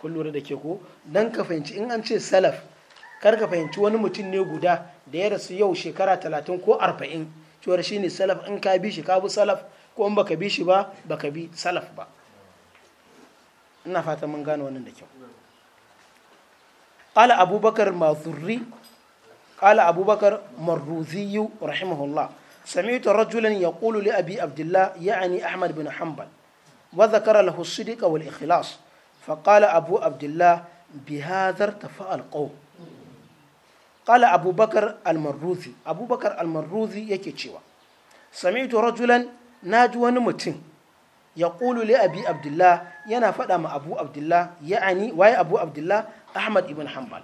kun lura da ke ko don ka fahimci in an ce salaf kar ka fahimci wani mutum ne guda da ya rasu yau shekara talatin ko arba'in cewar shi ne salaf in ka bi shi ka bi salaf ko in baka bi shi ba baka bi salaf ba ina fata mun gano wannan da kyau qala abubakar mazurri qala abubakar marruziyu rahimahullah سمعت رجلا يقول لأبي عبد الله يعني أحمد بن حنبل وذكر له الصدق والإخلاص فقال أبو عبد الله بهذا ارتفع القوم قال أبو بكر المروذي أبو بكر المروذي يكيشيوا سمعت رجلا ناجوا نمتين يقول لأبي عبد الله ينا فدا مع أبو عبد الله يعني واي أبو عبد الله أحمد بن حنبل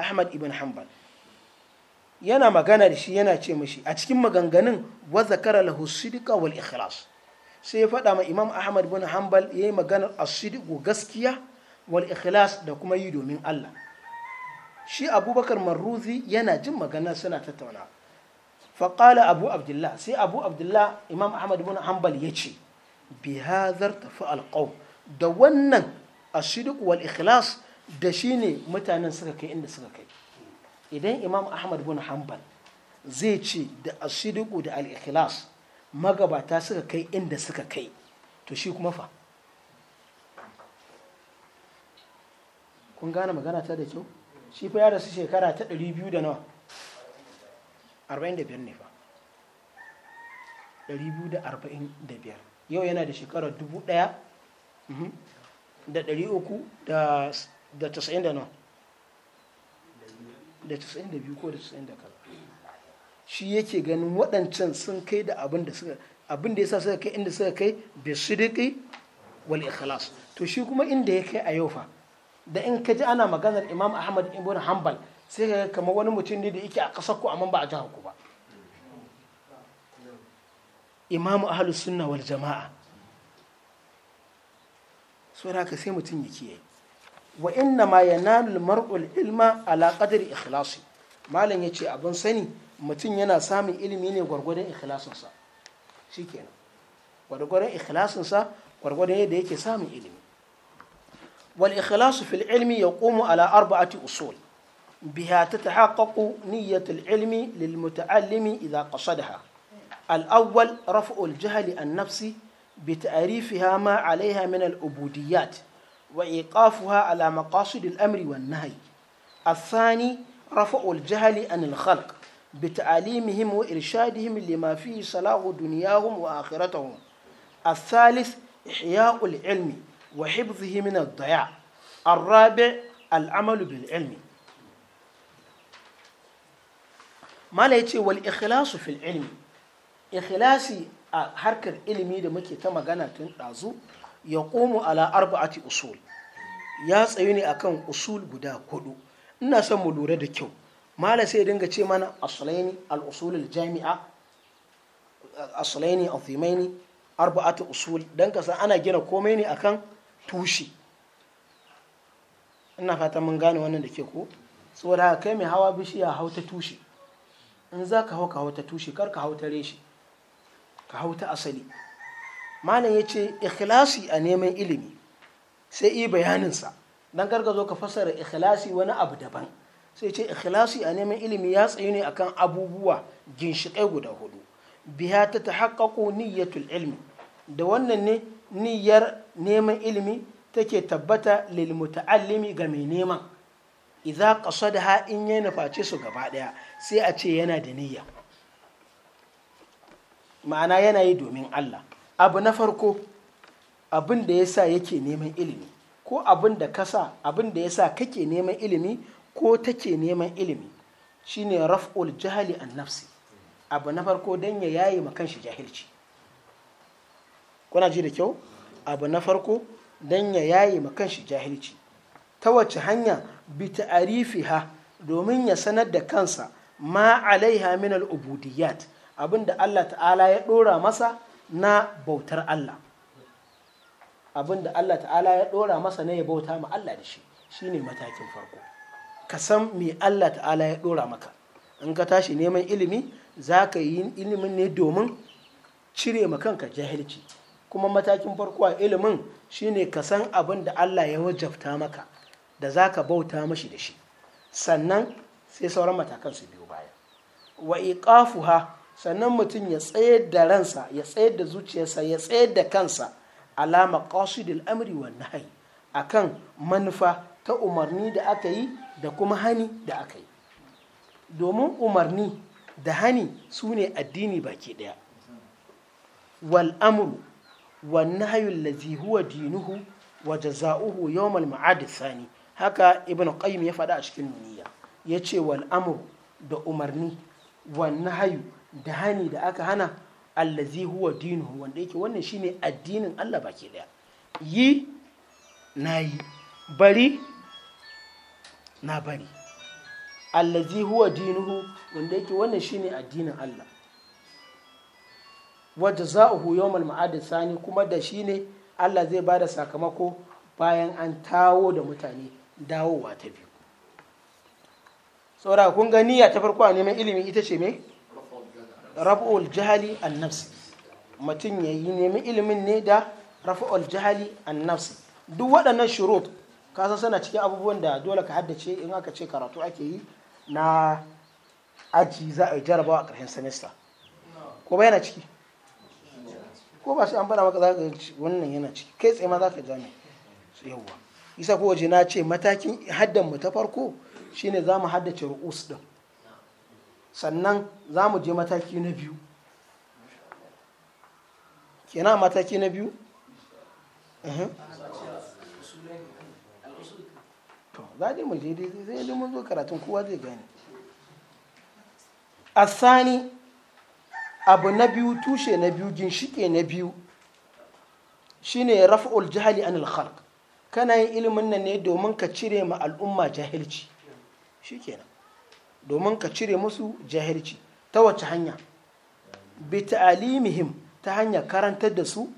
أحمد بن حنبل yana magana da shi yana ce mashi a cikin maganganun wa zakara lahu sidqa wal ikhlas sai ya faɗa ma imam ahmad bin hanbal ya yi maganar asidiku gaskiya wal ikhlas da kuma yi domin allah shi abubakar marruzi yana jin maganar suna tattauna faƙala abu abdullah sai abu abdullah imam ahmad bin hanbal ya ce bi hazar tafi alƙaw da wannan asidiku wal ikhlas da shi ne mutanen suka kai inda suka kai idan imam ahmad bin hanbal zai ce da asidiku da al-ikhlas magabata suka kai inda suka kai to shi kuma fa kun gane magana ta da kyau shi fa ya rasu shekara ta 200 da nawa 45 ne fa 245 yau yana da shekara 1000 mhm, da 300 da 90 da nawa da 92 ko da 90 da kaza shi yake ganin waɗancan sun kai da abin da suka abin da yasa suka kai inda suka kai bi sidiki wal ikhlas to shi kuma inda ya kai a yau fa da in ka ji ana maganar Imam Ahmad ibn Hanbal sai ka kamar wani mutum ne da yake a ƙasar ku amma ba a jihar ku ba Imam Ahlus Sunna wal Jama'a sai mutum ya kiyaye wa inna ma yanalul mar'ul ilma ala qadri ikhlasi malam yace abin sani mutum yana samun ilimi ne gwargwadon ikhlasinsa shikenan gwargwadon ikhlasinsa gwargwadon yadda yake samun ilimi wal ikhlasu fil ilmi yaqumu ala arba'ati usul biha tatahaqqaqu niyyatul ilmi lil muta'allimi idha qasadaha الأول رفع الجهل عن نفسه بتعريفها ما عليها من العبوديات وإيقافها على مقاصد الأمر والنهي الثاني رفع الجهل عن الخلق بتعليمهم وإرشادهم لما فيه صلاح دنياهم وآخرتهم الثالث إحياء العلم وحفظه من الضياع الرابع العمل بالعلم ما لا والإخلاص في العلم إخلاصي harkar ilimi da muke ta magana tun ɗazu ya ƙomo ala arba'ati usul ya tsayu ne akan usul guda hudu ina son mu lura da kyau mala sai dinga ce mana asulaini al jami'a asulaini azimaini arba'atu usul don ka ana gina komai ne akan tushe ina fata mun gane wannan da ke ko saboda kai mai hawa bishiya hau ta tushe in za ka hau ka hau ta tushe kar ka hau ta reshe ka hau ta asali malam ya ce ikhlasi a neman ilimi sai yi bayaninsa don karka zo ka fassara ikhlasi wani abu daban sai ce ikhlasi a neman ilimi ya tsayu ne akan abubuwa ginshiƙai guda hudu biya ta ta haƙaƙo niyyatul ilmi da wannan ne niyyar neman ilimi take tabbata lil muta'allimi ga mai neman da qasadaha in ya nuface su gaba daya sai a ce yana da niyya ma'ana yana yi domin Allah abu na farko abin da ya sa yake neman ilimi ko abin da ka sa abin da ya sa kake neman ilimi ko take neman ilimi shine raf'ul jahali an nafsi abu na farko don ya yaye ma kanshi jahilci kuna ji da kyau abu na farko don ya yaye ma kanshi jahilci ta wace hanya bi ta'arifiha domin ya sanar da kansa ma alaiha min al-ubudiyat abinda Allah ta'ala ya dora masa na bautar Allah abinda Allah ta'ala ya ɗora masa na ya bauta ma Allah da shi shi ne matakin farko ka san me Allah ta'ala ya ɗora maka in ka tashi neman ilimi za ka yi ilimin ne domin cire ma kanka jahilci kuma matakin farko a ilimin shi ne ka san abin da Allah ya wajabta maka da za ka bauta mashi da shi sannan sai sauran matakan su biyo baya wa iqafuha sannan mutum ya tsayar da ransa ya tsayar da zuciyarsa ya tsayar da kansa alama qasidil amri wan a akan manufa ta umarni da aka yi da kuma hani da aka yi domin umarni da hani su ne addini baki ɗaya wal amru wa nahyu lazi huwa dinuhu wa jaza'uhu yawm al Sani? haka ibn qayyim ya faɗa a cikin duniya. Ya ce amru da umarni wa nahyu da hani da aka hana allazi huwa dinu wanda yake wannan shine addinin Allah baki daya yi na yi bari na bari allazi huwa dinu wanda yake wannan shine addinin Allah wadda za'uhu yawmal ma'ad sani kuma da shine Allah zai bada sakamako bayan an tawo da mutane dawowa ta biyu saboda kun ga niyya ta farko a neman ilimi ita ce me raf'ul jahali an nafsi mutum ya yi nemi ilimin ne da raf'ul jahali an nafsi duk waɗannan shirut kasan suna cikin abubuwan da dole ka haddace in aka ce karatu ake yi na aji za a yi jarabawa a ƙarshen sanista ko ba yana ciki ko ba sai an fara maka za ka wannan yana ciki kai tsaye ma za ka jami yawwa isa ko waje na ce matakin haddan mu ta farko shine za mu haddace ru'us din sannan za mu je mataki na biyu kenan mataki na biyu za a je mu je dai sai mun zo karatun kowa zai gane asani abu na biyu tushe na biyu ginshike na biyu shine raf'ul jahali anil khalq kana yin ilimin nan ne domin ka cire ma al'umma jahilci shikenan domin ka cire musu jahilci ta wace hanya bi alimihim ta hanya karantar da su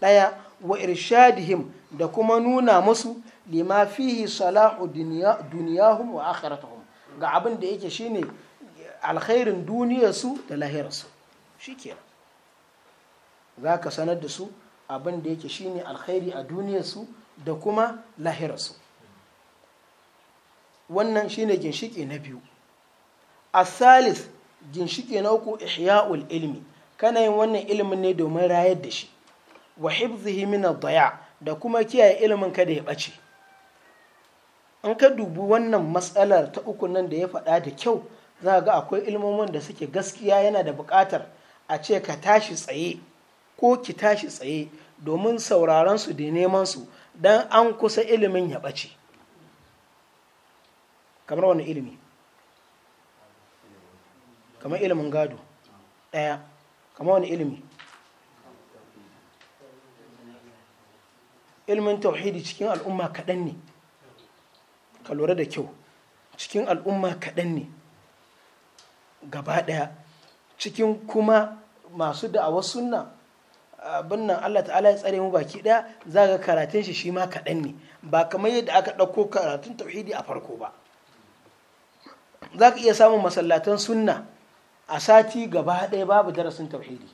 ɗaya wa irshadihim da kuma nuna musu lima fihi salahu duniyahum wa akhiratahum ga abin da yake shine alkhairin duniyarsu da lahirarsu shikenan za ka sanar da su abin da yake shine alkhairi a duniyarsu da kuma lahirarsu wannan shine ginshiki na biyu asalis ginshike na uku ihya'ul ilmi kana yin wannan ilimin ne domin rayar da shi wa hifzihi min daya da kuma kiyaye ilimin da ya bace an ka dubi wannan matsalar ta uku nan da ya faɗa da kyau za ga akwai ilmomin da suke gaskiya yana da buƙatar a ce ka tashi tsaye ko ki tashi tsaye domin sauraron su da neman su dan an kusa ilimin ya bace kamar wani ilimi kamar ilimin gado ɗaya kamar wani ilimi ilimin tauhidi cikin al'umma kaɗan ne ka lura da kyau cikin al'umma kaɗan ne gaba ɗaya cikin kuma masu da sunna abin nan Allah ta'ala ya tsare mu baki ɗaya za ga karatun shi shi ma kaɗan ne ba kamar yadda aka ɗauko karatun tauhidi a farko ba za ka iya samun masallatan sunna a sati gaba ɗaya babu darasin tauhidi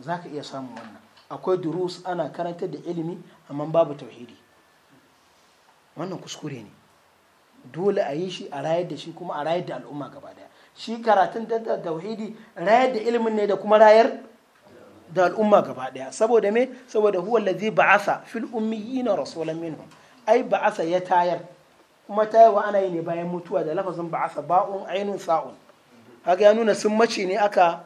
za ka iya samun wannan akwai durus ana karantar da ilimi amma babu tauhidi wannan kuskure ne dole a yi shi a rayar da shi kuma a rayar da al'umma gaba daya shi karatun da tauhidi rayar da ilimin ne da kuma rayar da al'umma gaba ɗaya saboda me saboda huwa lazi ba'asa fil ummiyina rasulan minhum ai ba'asa ya tayar kuma ta wa ana yi ne bayan mutuwa da lafazin ba'asa ba'un ainihin sa'un haka ya nuna sun mace ne aka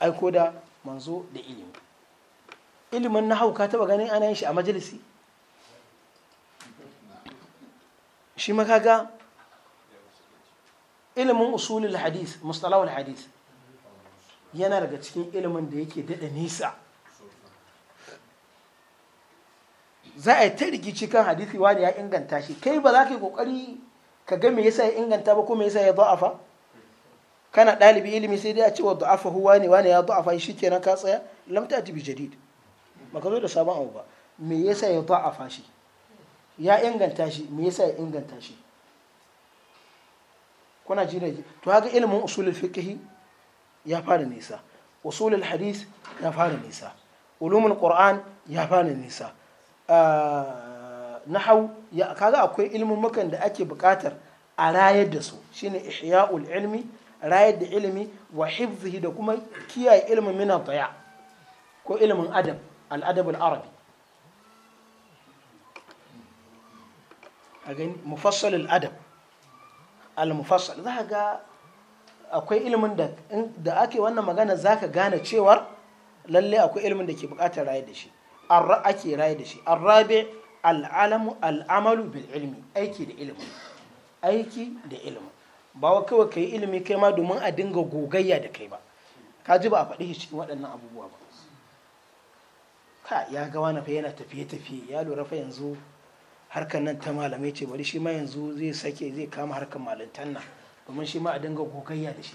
aiko da manzo da ilimi ilimin na hauka taba ganin ana yin shi a majalisi shi ma ga ilimin usulul hadis hadis yana daga cikin ilimin da yake dada nisa za a yi ta rikici kan hadisi wani ya inganta shi kai ba za ka yi kokari ka ga me yasa ya inganta ba ko me yasa ya da'afa kana ɗalibi ilimi sai dai a ce wa da'afa huwa ne wani ya da'afa shi kenan ka tsaya lam ta bi jadid ka zo da sabon abu ba me yasa ya da'afa shi ya inganta shi me yasa ya inganta shi kuna ji ne to haka ilimin usulul fiqh ya fara nisa usulul hadith ya fara nisa ulumul qur'an ya fara nisa nahau ya kaga akwai makan da ake buƙatar a rayar da su shine ihya'ul ilmi rayar da ilimi wa hifzihi da kuma kiyaye ilmin min daya ko ilmin adab al-adab al-arabi a gani mufassal al-adab al-mufassal za ga akwai ilimin da ake wannan magana zaka gane cewar lalle akwai ilimin da ke buƙatar rayar da shi ake raye da shi arrabe al'alamu al'amalu bil ilmi aiki da ilimi aiki da ilimi ba wa kawai kai ilimi kai ma domin a dinga gogayya da kai ba ka ji ba a faɗi cikin waɗannan abubuwa ba ka ya ga wani fa yana tafiye tafiye ya lura fa yanzu harkar nan ta malamai ce bari shi ma yanzu zai sake zai kama harkar malintan nan domin shi ma a dinga gogayya da shi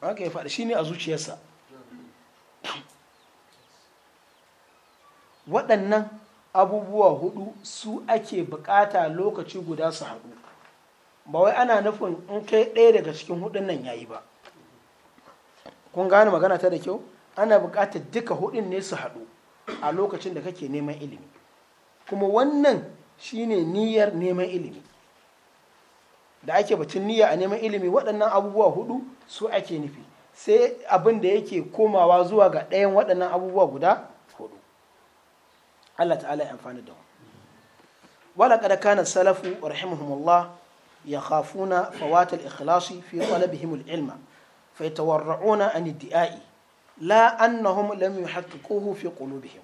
ka yi faɗi shi ne a zuciyarsa waɗannan abubuwa hudu su ake bukata lokaci guda su haɗu ba wai ana nufin in kai ɗaya daga cikin hudun nan yayi ba kun gane magana ta da kyau ana bukatar duka hudun ne su haɗu a lokacin da kake neman ilimi kuma wannan shine niyyar neman ilimi da ake batun niyya a neman ilimi waɗannan abubuwa hudu su ake nufi sai abin da yake komawa zuwa ga ɗayan waɗannan abubuwa guda Allah ta'ala ya amfani da mu wala kada kana salafu rahimahumullah ya khafuna fawat al-ikhlas fi talabihim al-ilma fa yatawarra'una an iddi'ai la annahum lam yuhaqqiquhu fi qulubihim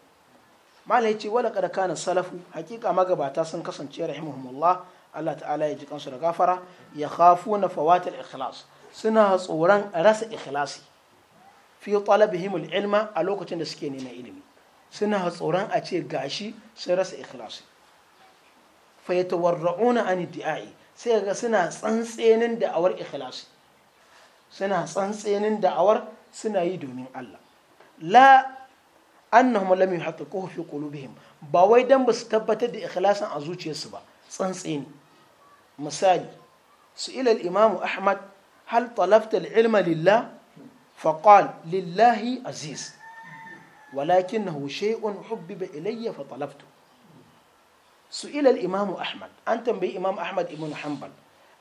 malai ce wala kada kana salafu hakika magabata sun kasance rahimahumullah Allah ta'ala ya ji kansu da gafara ya khafuna fawat al-ikhlas suna tsoron rasa ikhlasi fi talabihim al-ilma a lokacin da suke neman ilimi suna tsoron a ce gashi sun rasa ikhlasi fa tawarra'una an iddi'ai sai ga suna tsantsenin da'awar ikhlasi suna tsantsenin da'awar suna yi domin Allah la annahum lam yuhaqqiquhu fi qulubihim ba wai dan ba su tabbatar da ikhlasin a zuciyarsu ba tsantseni misali su ila imamu ahmad hal talafta al-ilma lillah faqal lillahi aziz ولكنه شيء حبب إلي فطلبته سئل الإمام أحمد أنت بي إمام أحمد ابن حنبل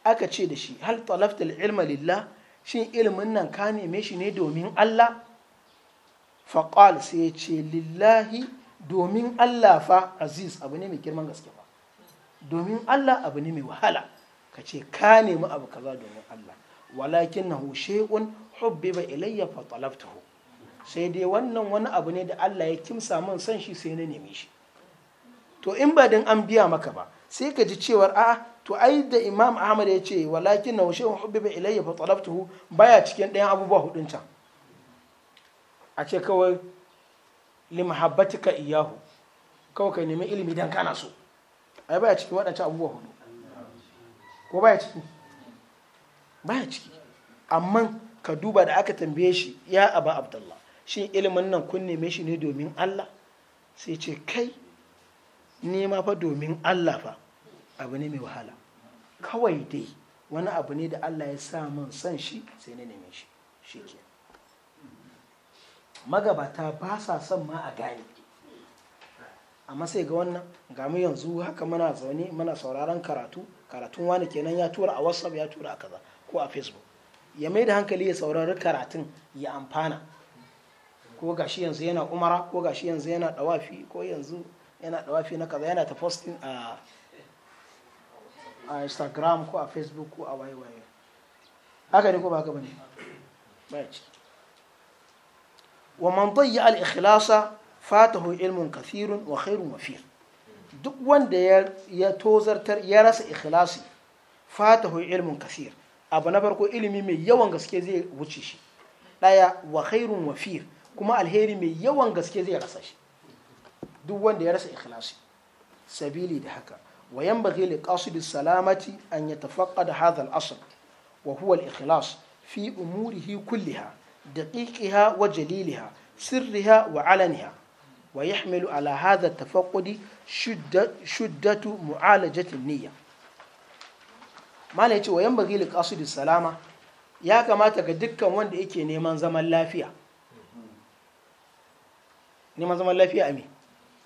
أكا شيء شي هل طلبت العلم لله شيء علم أن كان shi ندو من الله فقال سيتشي لله domin Allah fa aziz abu ne mai girman gaske fa domin Allah abu ne mai wahala ka ce ka nemi abu kaza domin Allah walakin na shay'un hubbiba ilayya fa sai dai wannan wani abu ne da Allah ya kimsa samun san shi sai na nemi shi to in ba din an biya maka ba sai ka ji cewar a to ai da Imam Ahmad ya ce walakin na washe hubbiba ilayya fa talabtuhu baya cikin ɗayan abubuwa hudun can a ce kawai li mahabbatika iyahu kawai ka nemi ilimi dan kana so ai baya cikin waɗancan abubuwa hudu ko baya ciki baya ciki amma ka duba da aka tambaye shi ya aba abdullah Shin ilimin nan kun neme shi ne domin Allah sai ce kai nema fa domin Allah fa abu ne mai wahala kawai dai wani abu ne da Allah ya sa min san shi sai na neme shi shi ke magabata ba sa son ma a gane amma sai ga wannan ga mu yanzu haka muna zaune muna sauraron karatu karatun wani kenan ya tura a whatsapp ya tura a kaza ko a facebook ya mai da hankali ya saurari karatun ya amfana ko gashi yanzu yana umara ko gashi yanzu yana dawafi ko yanzu yana dawafi na kaza yana ta posting a a instagram ko a facebook ko a wayewaye haka ne ko ba haka ba baya ciki wa man dayya al ikhlasa fatahu ilmun kathirun wa khairun wafir duk wanda ya tozartar ya rasa ikhlasi fatahu ilmun kathir abu na farko ilimi mai yawan gaske zai wuce shi daya wa khairun wafir kuma alheri mai yawan gaske zai rasa shi duk wanda ya rasa ikhlasi sabili da haka wa yanbaghi li qasidi salamati an yatafaqqad hadha al-asl wa huwa al-ikhlas fi umurihi kulliha daqiqiha wa jaliliha sirriha wa alaniha wa yahmilu ala hadha at shuddatu mu'alajati an-niyya mala yace wa yanbaghi li qasidi salama ya kamata ga dukkan wanda yake neman zaman lafiya neman zaman lafiya a me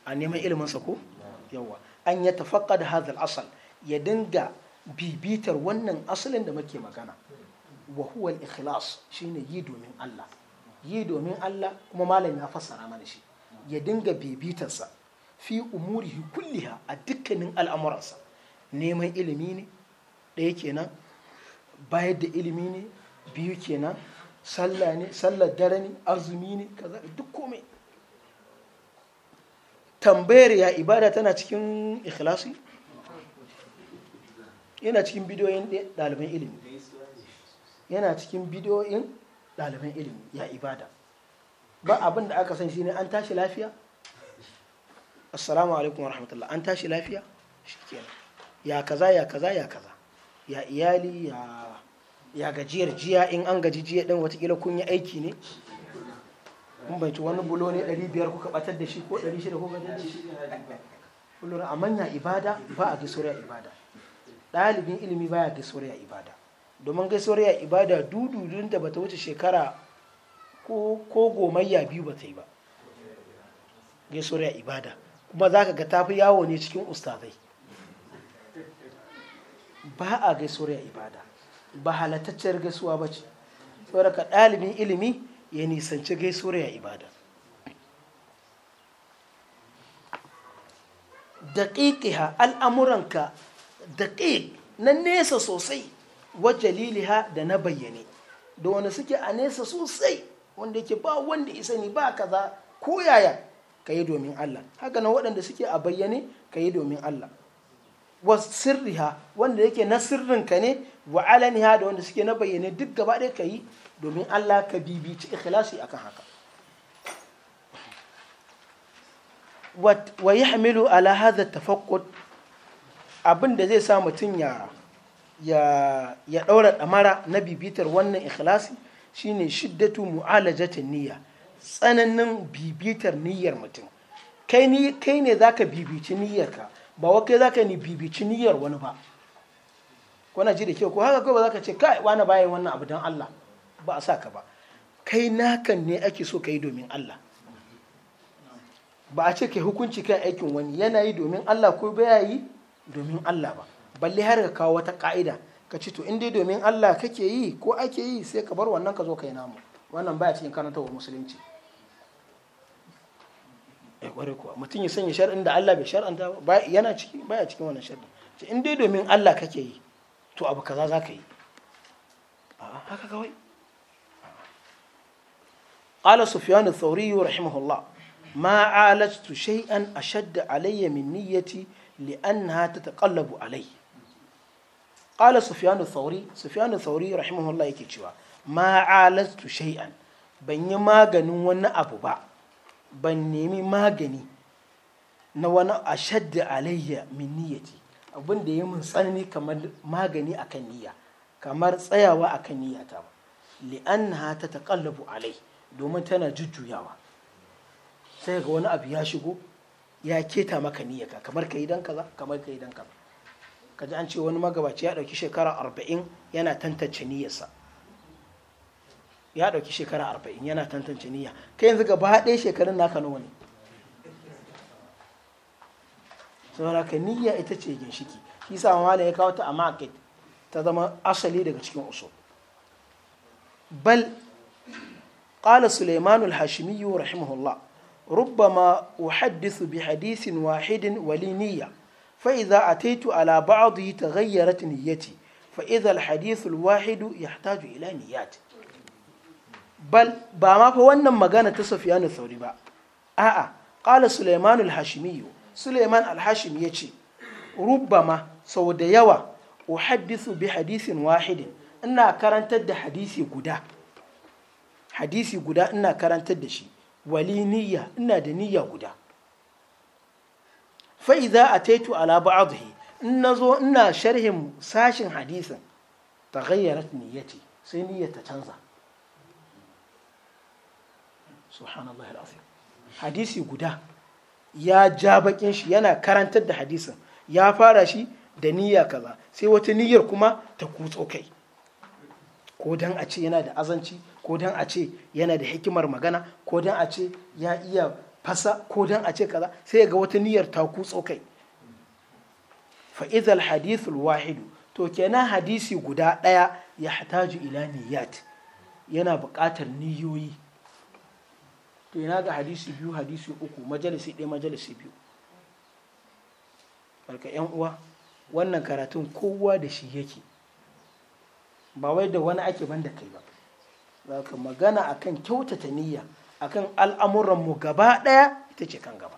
a neman ilimin sa ko yawa an ya tafaqqad da al asal. ya dinga bibitar wannan asalin da muke magana wa huwa al-ikhlas shine yi domin Allah yi domin Allah kuma malam ya fassara mana shi ya dinga bibitarsa fi umurihi kulliha a dukkanin al'amuransa neman ilimi ne ɗaya kenan bayar da ilimi ne biyu kenan sallah ne sallar dare ne azumi ne kaza duk komai tambayar ya ibada tana cikin ikhlasi yana cikin bidiyoyin ɗaliban ilimi yana cikin bidiyoyin ɗaliban ilimi ya ibada ba abin da aka san shi ne an tashi lafiya assalamu alaikum wa rahmatullah an tashi lafiya shikenan ya kaza ya kaza ya kaza ya iyali ya gajiyar jiya in an gaji jiya din watakila kun yi aiki ne kun bai ci wani bulo ne 500 kuka batar da shi ko 600 kuka da shi kullura a manya ibada ba a gisoriya ibada ɗalibin ilimi baya gisoriya ibada domin gisoriya ibada dududun da bata wuce shekara ko gomayya biyu ba ta yi ba gisoriya ibada kuma za ka ga tafi yawo ne cikin ustazai ba a gisoriya ibada ba halattacciyar gaisuwa ba ce saboda ka ɗalibin ilimi ya nisanci gaisuwar ya ibada daƙiƙiha al'amuranka daƙiƙ na nesa sosai wajaliliha da na bayyane da wani suke a nesa sosai wanda yake ba wanda isa ni ba kaza ko yaya ka yi domin Allah haka na waɗanda suke a bayyane ka yi domin Allah wa sirriha wanda yake na sirrinka ne wa alaniha da wanda suke na bayyane duk gaba ɗaya ka yi domin Allah ka bibici ikhlasi akan haka wa hamilu ala hadha tafakkur abinda zai sa mutum ya ya daura damara na bibitar wannan ikhlasi shine shiddatu mu'alajatin niyya tsananin bibitar niyyar mutum kai ne kai ne zaka bibici niyyarka ba wa kai zaka ni bibici niyyar wani ba kuna ji da kyau ko haka kai ba zaka ce kai wani bayan wannan abu dan Allah ba a sa ka ba kai nakan ne ake so ka yi domin Allah ba a ce ka hukunci kan aikin wani yana yi domin Allah ko baya yi domin Allah ba balle har ka kawo wata ka'ida ka ce to in dai domin Allah kake yi ko ake yi sai ka bar wannan ka zo kai namu wannan baya cikin wa musulunci ya eh, kware kuwa mutum ya sanya shar'in da Allah bai shar'anta ba yana ciki baya cikin wannan shar'in in dai domin Allah kake yi to abu kaza za ka yi haka kawai قال سفيان الثوري رحمه الله ما عالجت شيئا أشد علي من نيتي لأنها تتقلب علي قال سفيان الثوري سفيان الثوري رحمه الله يكتشوا ما عالجت شيئا بني ماغن وانا أبو با بني ماغني نوانا أشد علي من نيتي abin da ya mun tsanani kamar magani akan niyya kamar tsayawa akan niyya ta li'annaha tataqallabu alai domin tana jujjuyawa sai ga wani abu ya shigo ya keta maka niyyaka kamar ka yi dan kaza kamar ka yi dan kaza kaji an ce wani magabaci ya ɗauki shekara arba'in yana tantance niyyarsa ya ɗauki shekara arba'in yana tantance niyya kai yanzu gaba ɗaya shekarun naka nawa ne saboda ka niyya ita ce ginshiki shi sa mala ya kawo ta a market ta zama asali daga cikin usul bal قال سليمان الهاشمي رحمه الله ربما أحدث بحديث واحد ولي فإذا أتيت على بعض تغيرت نيتي فإذا الحديث الواحد يحتاج إلى نيات بل بما فوانا مغانا تصفيان الثوري با آآ قال سليمان الهاشمي سليمان الهاشمي يتي ربما سوديوا أحدث بحديث واحد إنا hadisin حديثي ina hadisi guda ina karantar da shi wali niyya ina da niyya guda fa'iza a taitu ala ba'adhi in na zo ina sharhin sashin hadisin ta niyyati sai niyyar ta canza al'azim hadisi guda ya ja bakin shi yana karantar da hadisin ya fara shi da niyya kaza sai wata niyyar kuma ta kutso kai ko dan a ce yana da azanci ko don a ce yana da hikimar magana ko don a ce ya iya fasa ko don a ce kaza sai ga wata niyyar ta kutso kai fa'izal hadithul wahidu to kenan hadisi guda ɗaya ya hataju ila niyyat yana buƙatar niyoyi to yana ga hadisi biyu hadisi uku majalisi ɗaya majalisi biyu barka yan uwa wannan karatun kowa da shi yake ba wai da wani ake banda kai ba zaka magana a akan kyautata niyya akan al'amuran mu gaba ɗaya ita ce kan gaba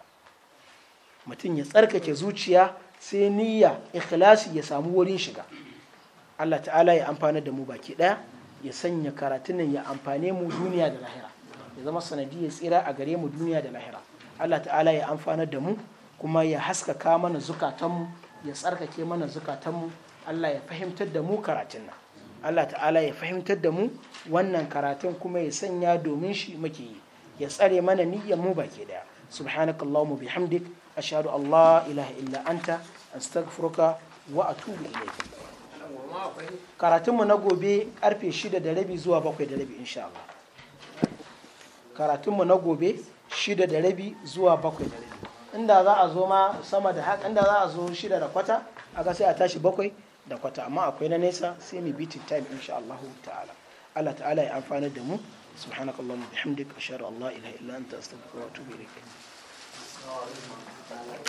mutum ya tsarkake zuciya sai niyya ikhlasi ya samu wurin shiga Allah ta'ala ya amfana da mu baki ɗaya ya sanya karatunan ya amfane mu duniya da lahira ya zama sanadiyar tsira a gare mu duniya da lahira Allah ta'ala ya amfana da mu kuma ya haskaka mana zukatanmu ya tsarkake mana zukatanmu Allah ya fahimtar da mu karatun nan Allah ta'ala ya fahimtar da mu wannan karatun kuma ya sanya domin shi muke yi ya tsare mana niyyar mu baki daya subhanakallahumma bihamdik ashhadu an la ilaha illa anta astaghfiruka wa atubu ilayk karatun mu na gobe karfe 6 da rabi zuwa 7 da rabi insha Allah karatun mu na gobe 6 da rabi zuwa 7 da rabi inda za a zo ma sama da haka inda za a zo 6 da kwata aka sai a tashi bakwai. da kwata akwai na nesa sai mu beating time insha Allah ta'ala Allah ta'ala ya amfanar da mu subhanak Allah bihamdik ashar Allah ilaha illa anta astaghfiruka wa atubu ilaik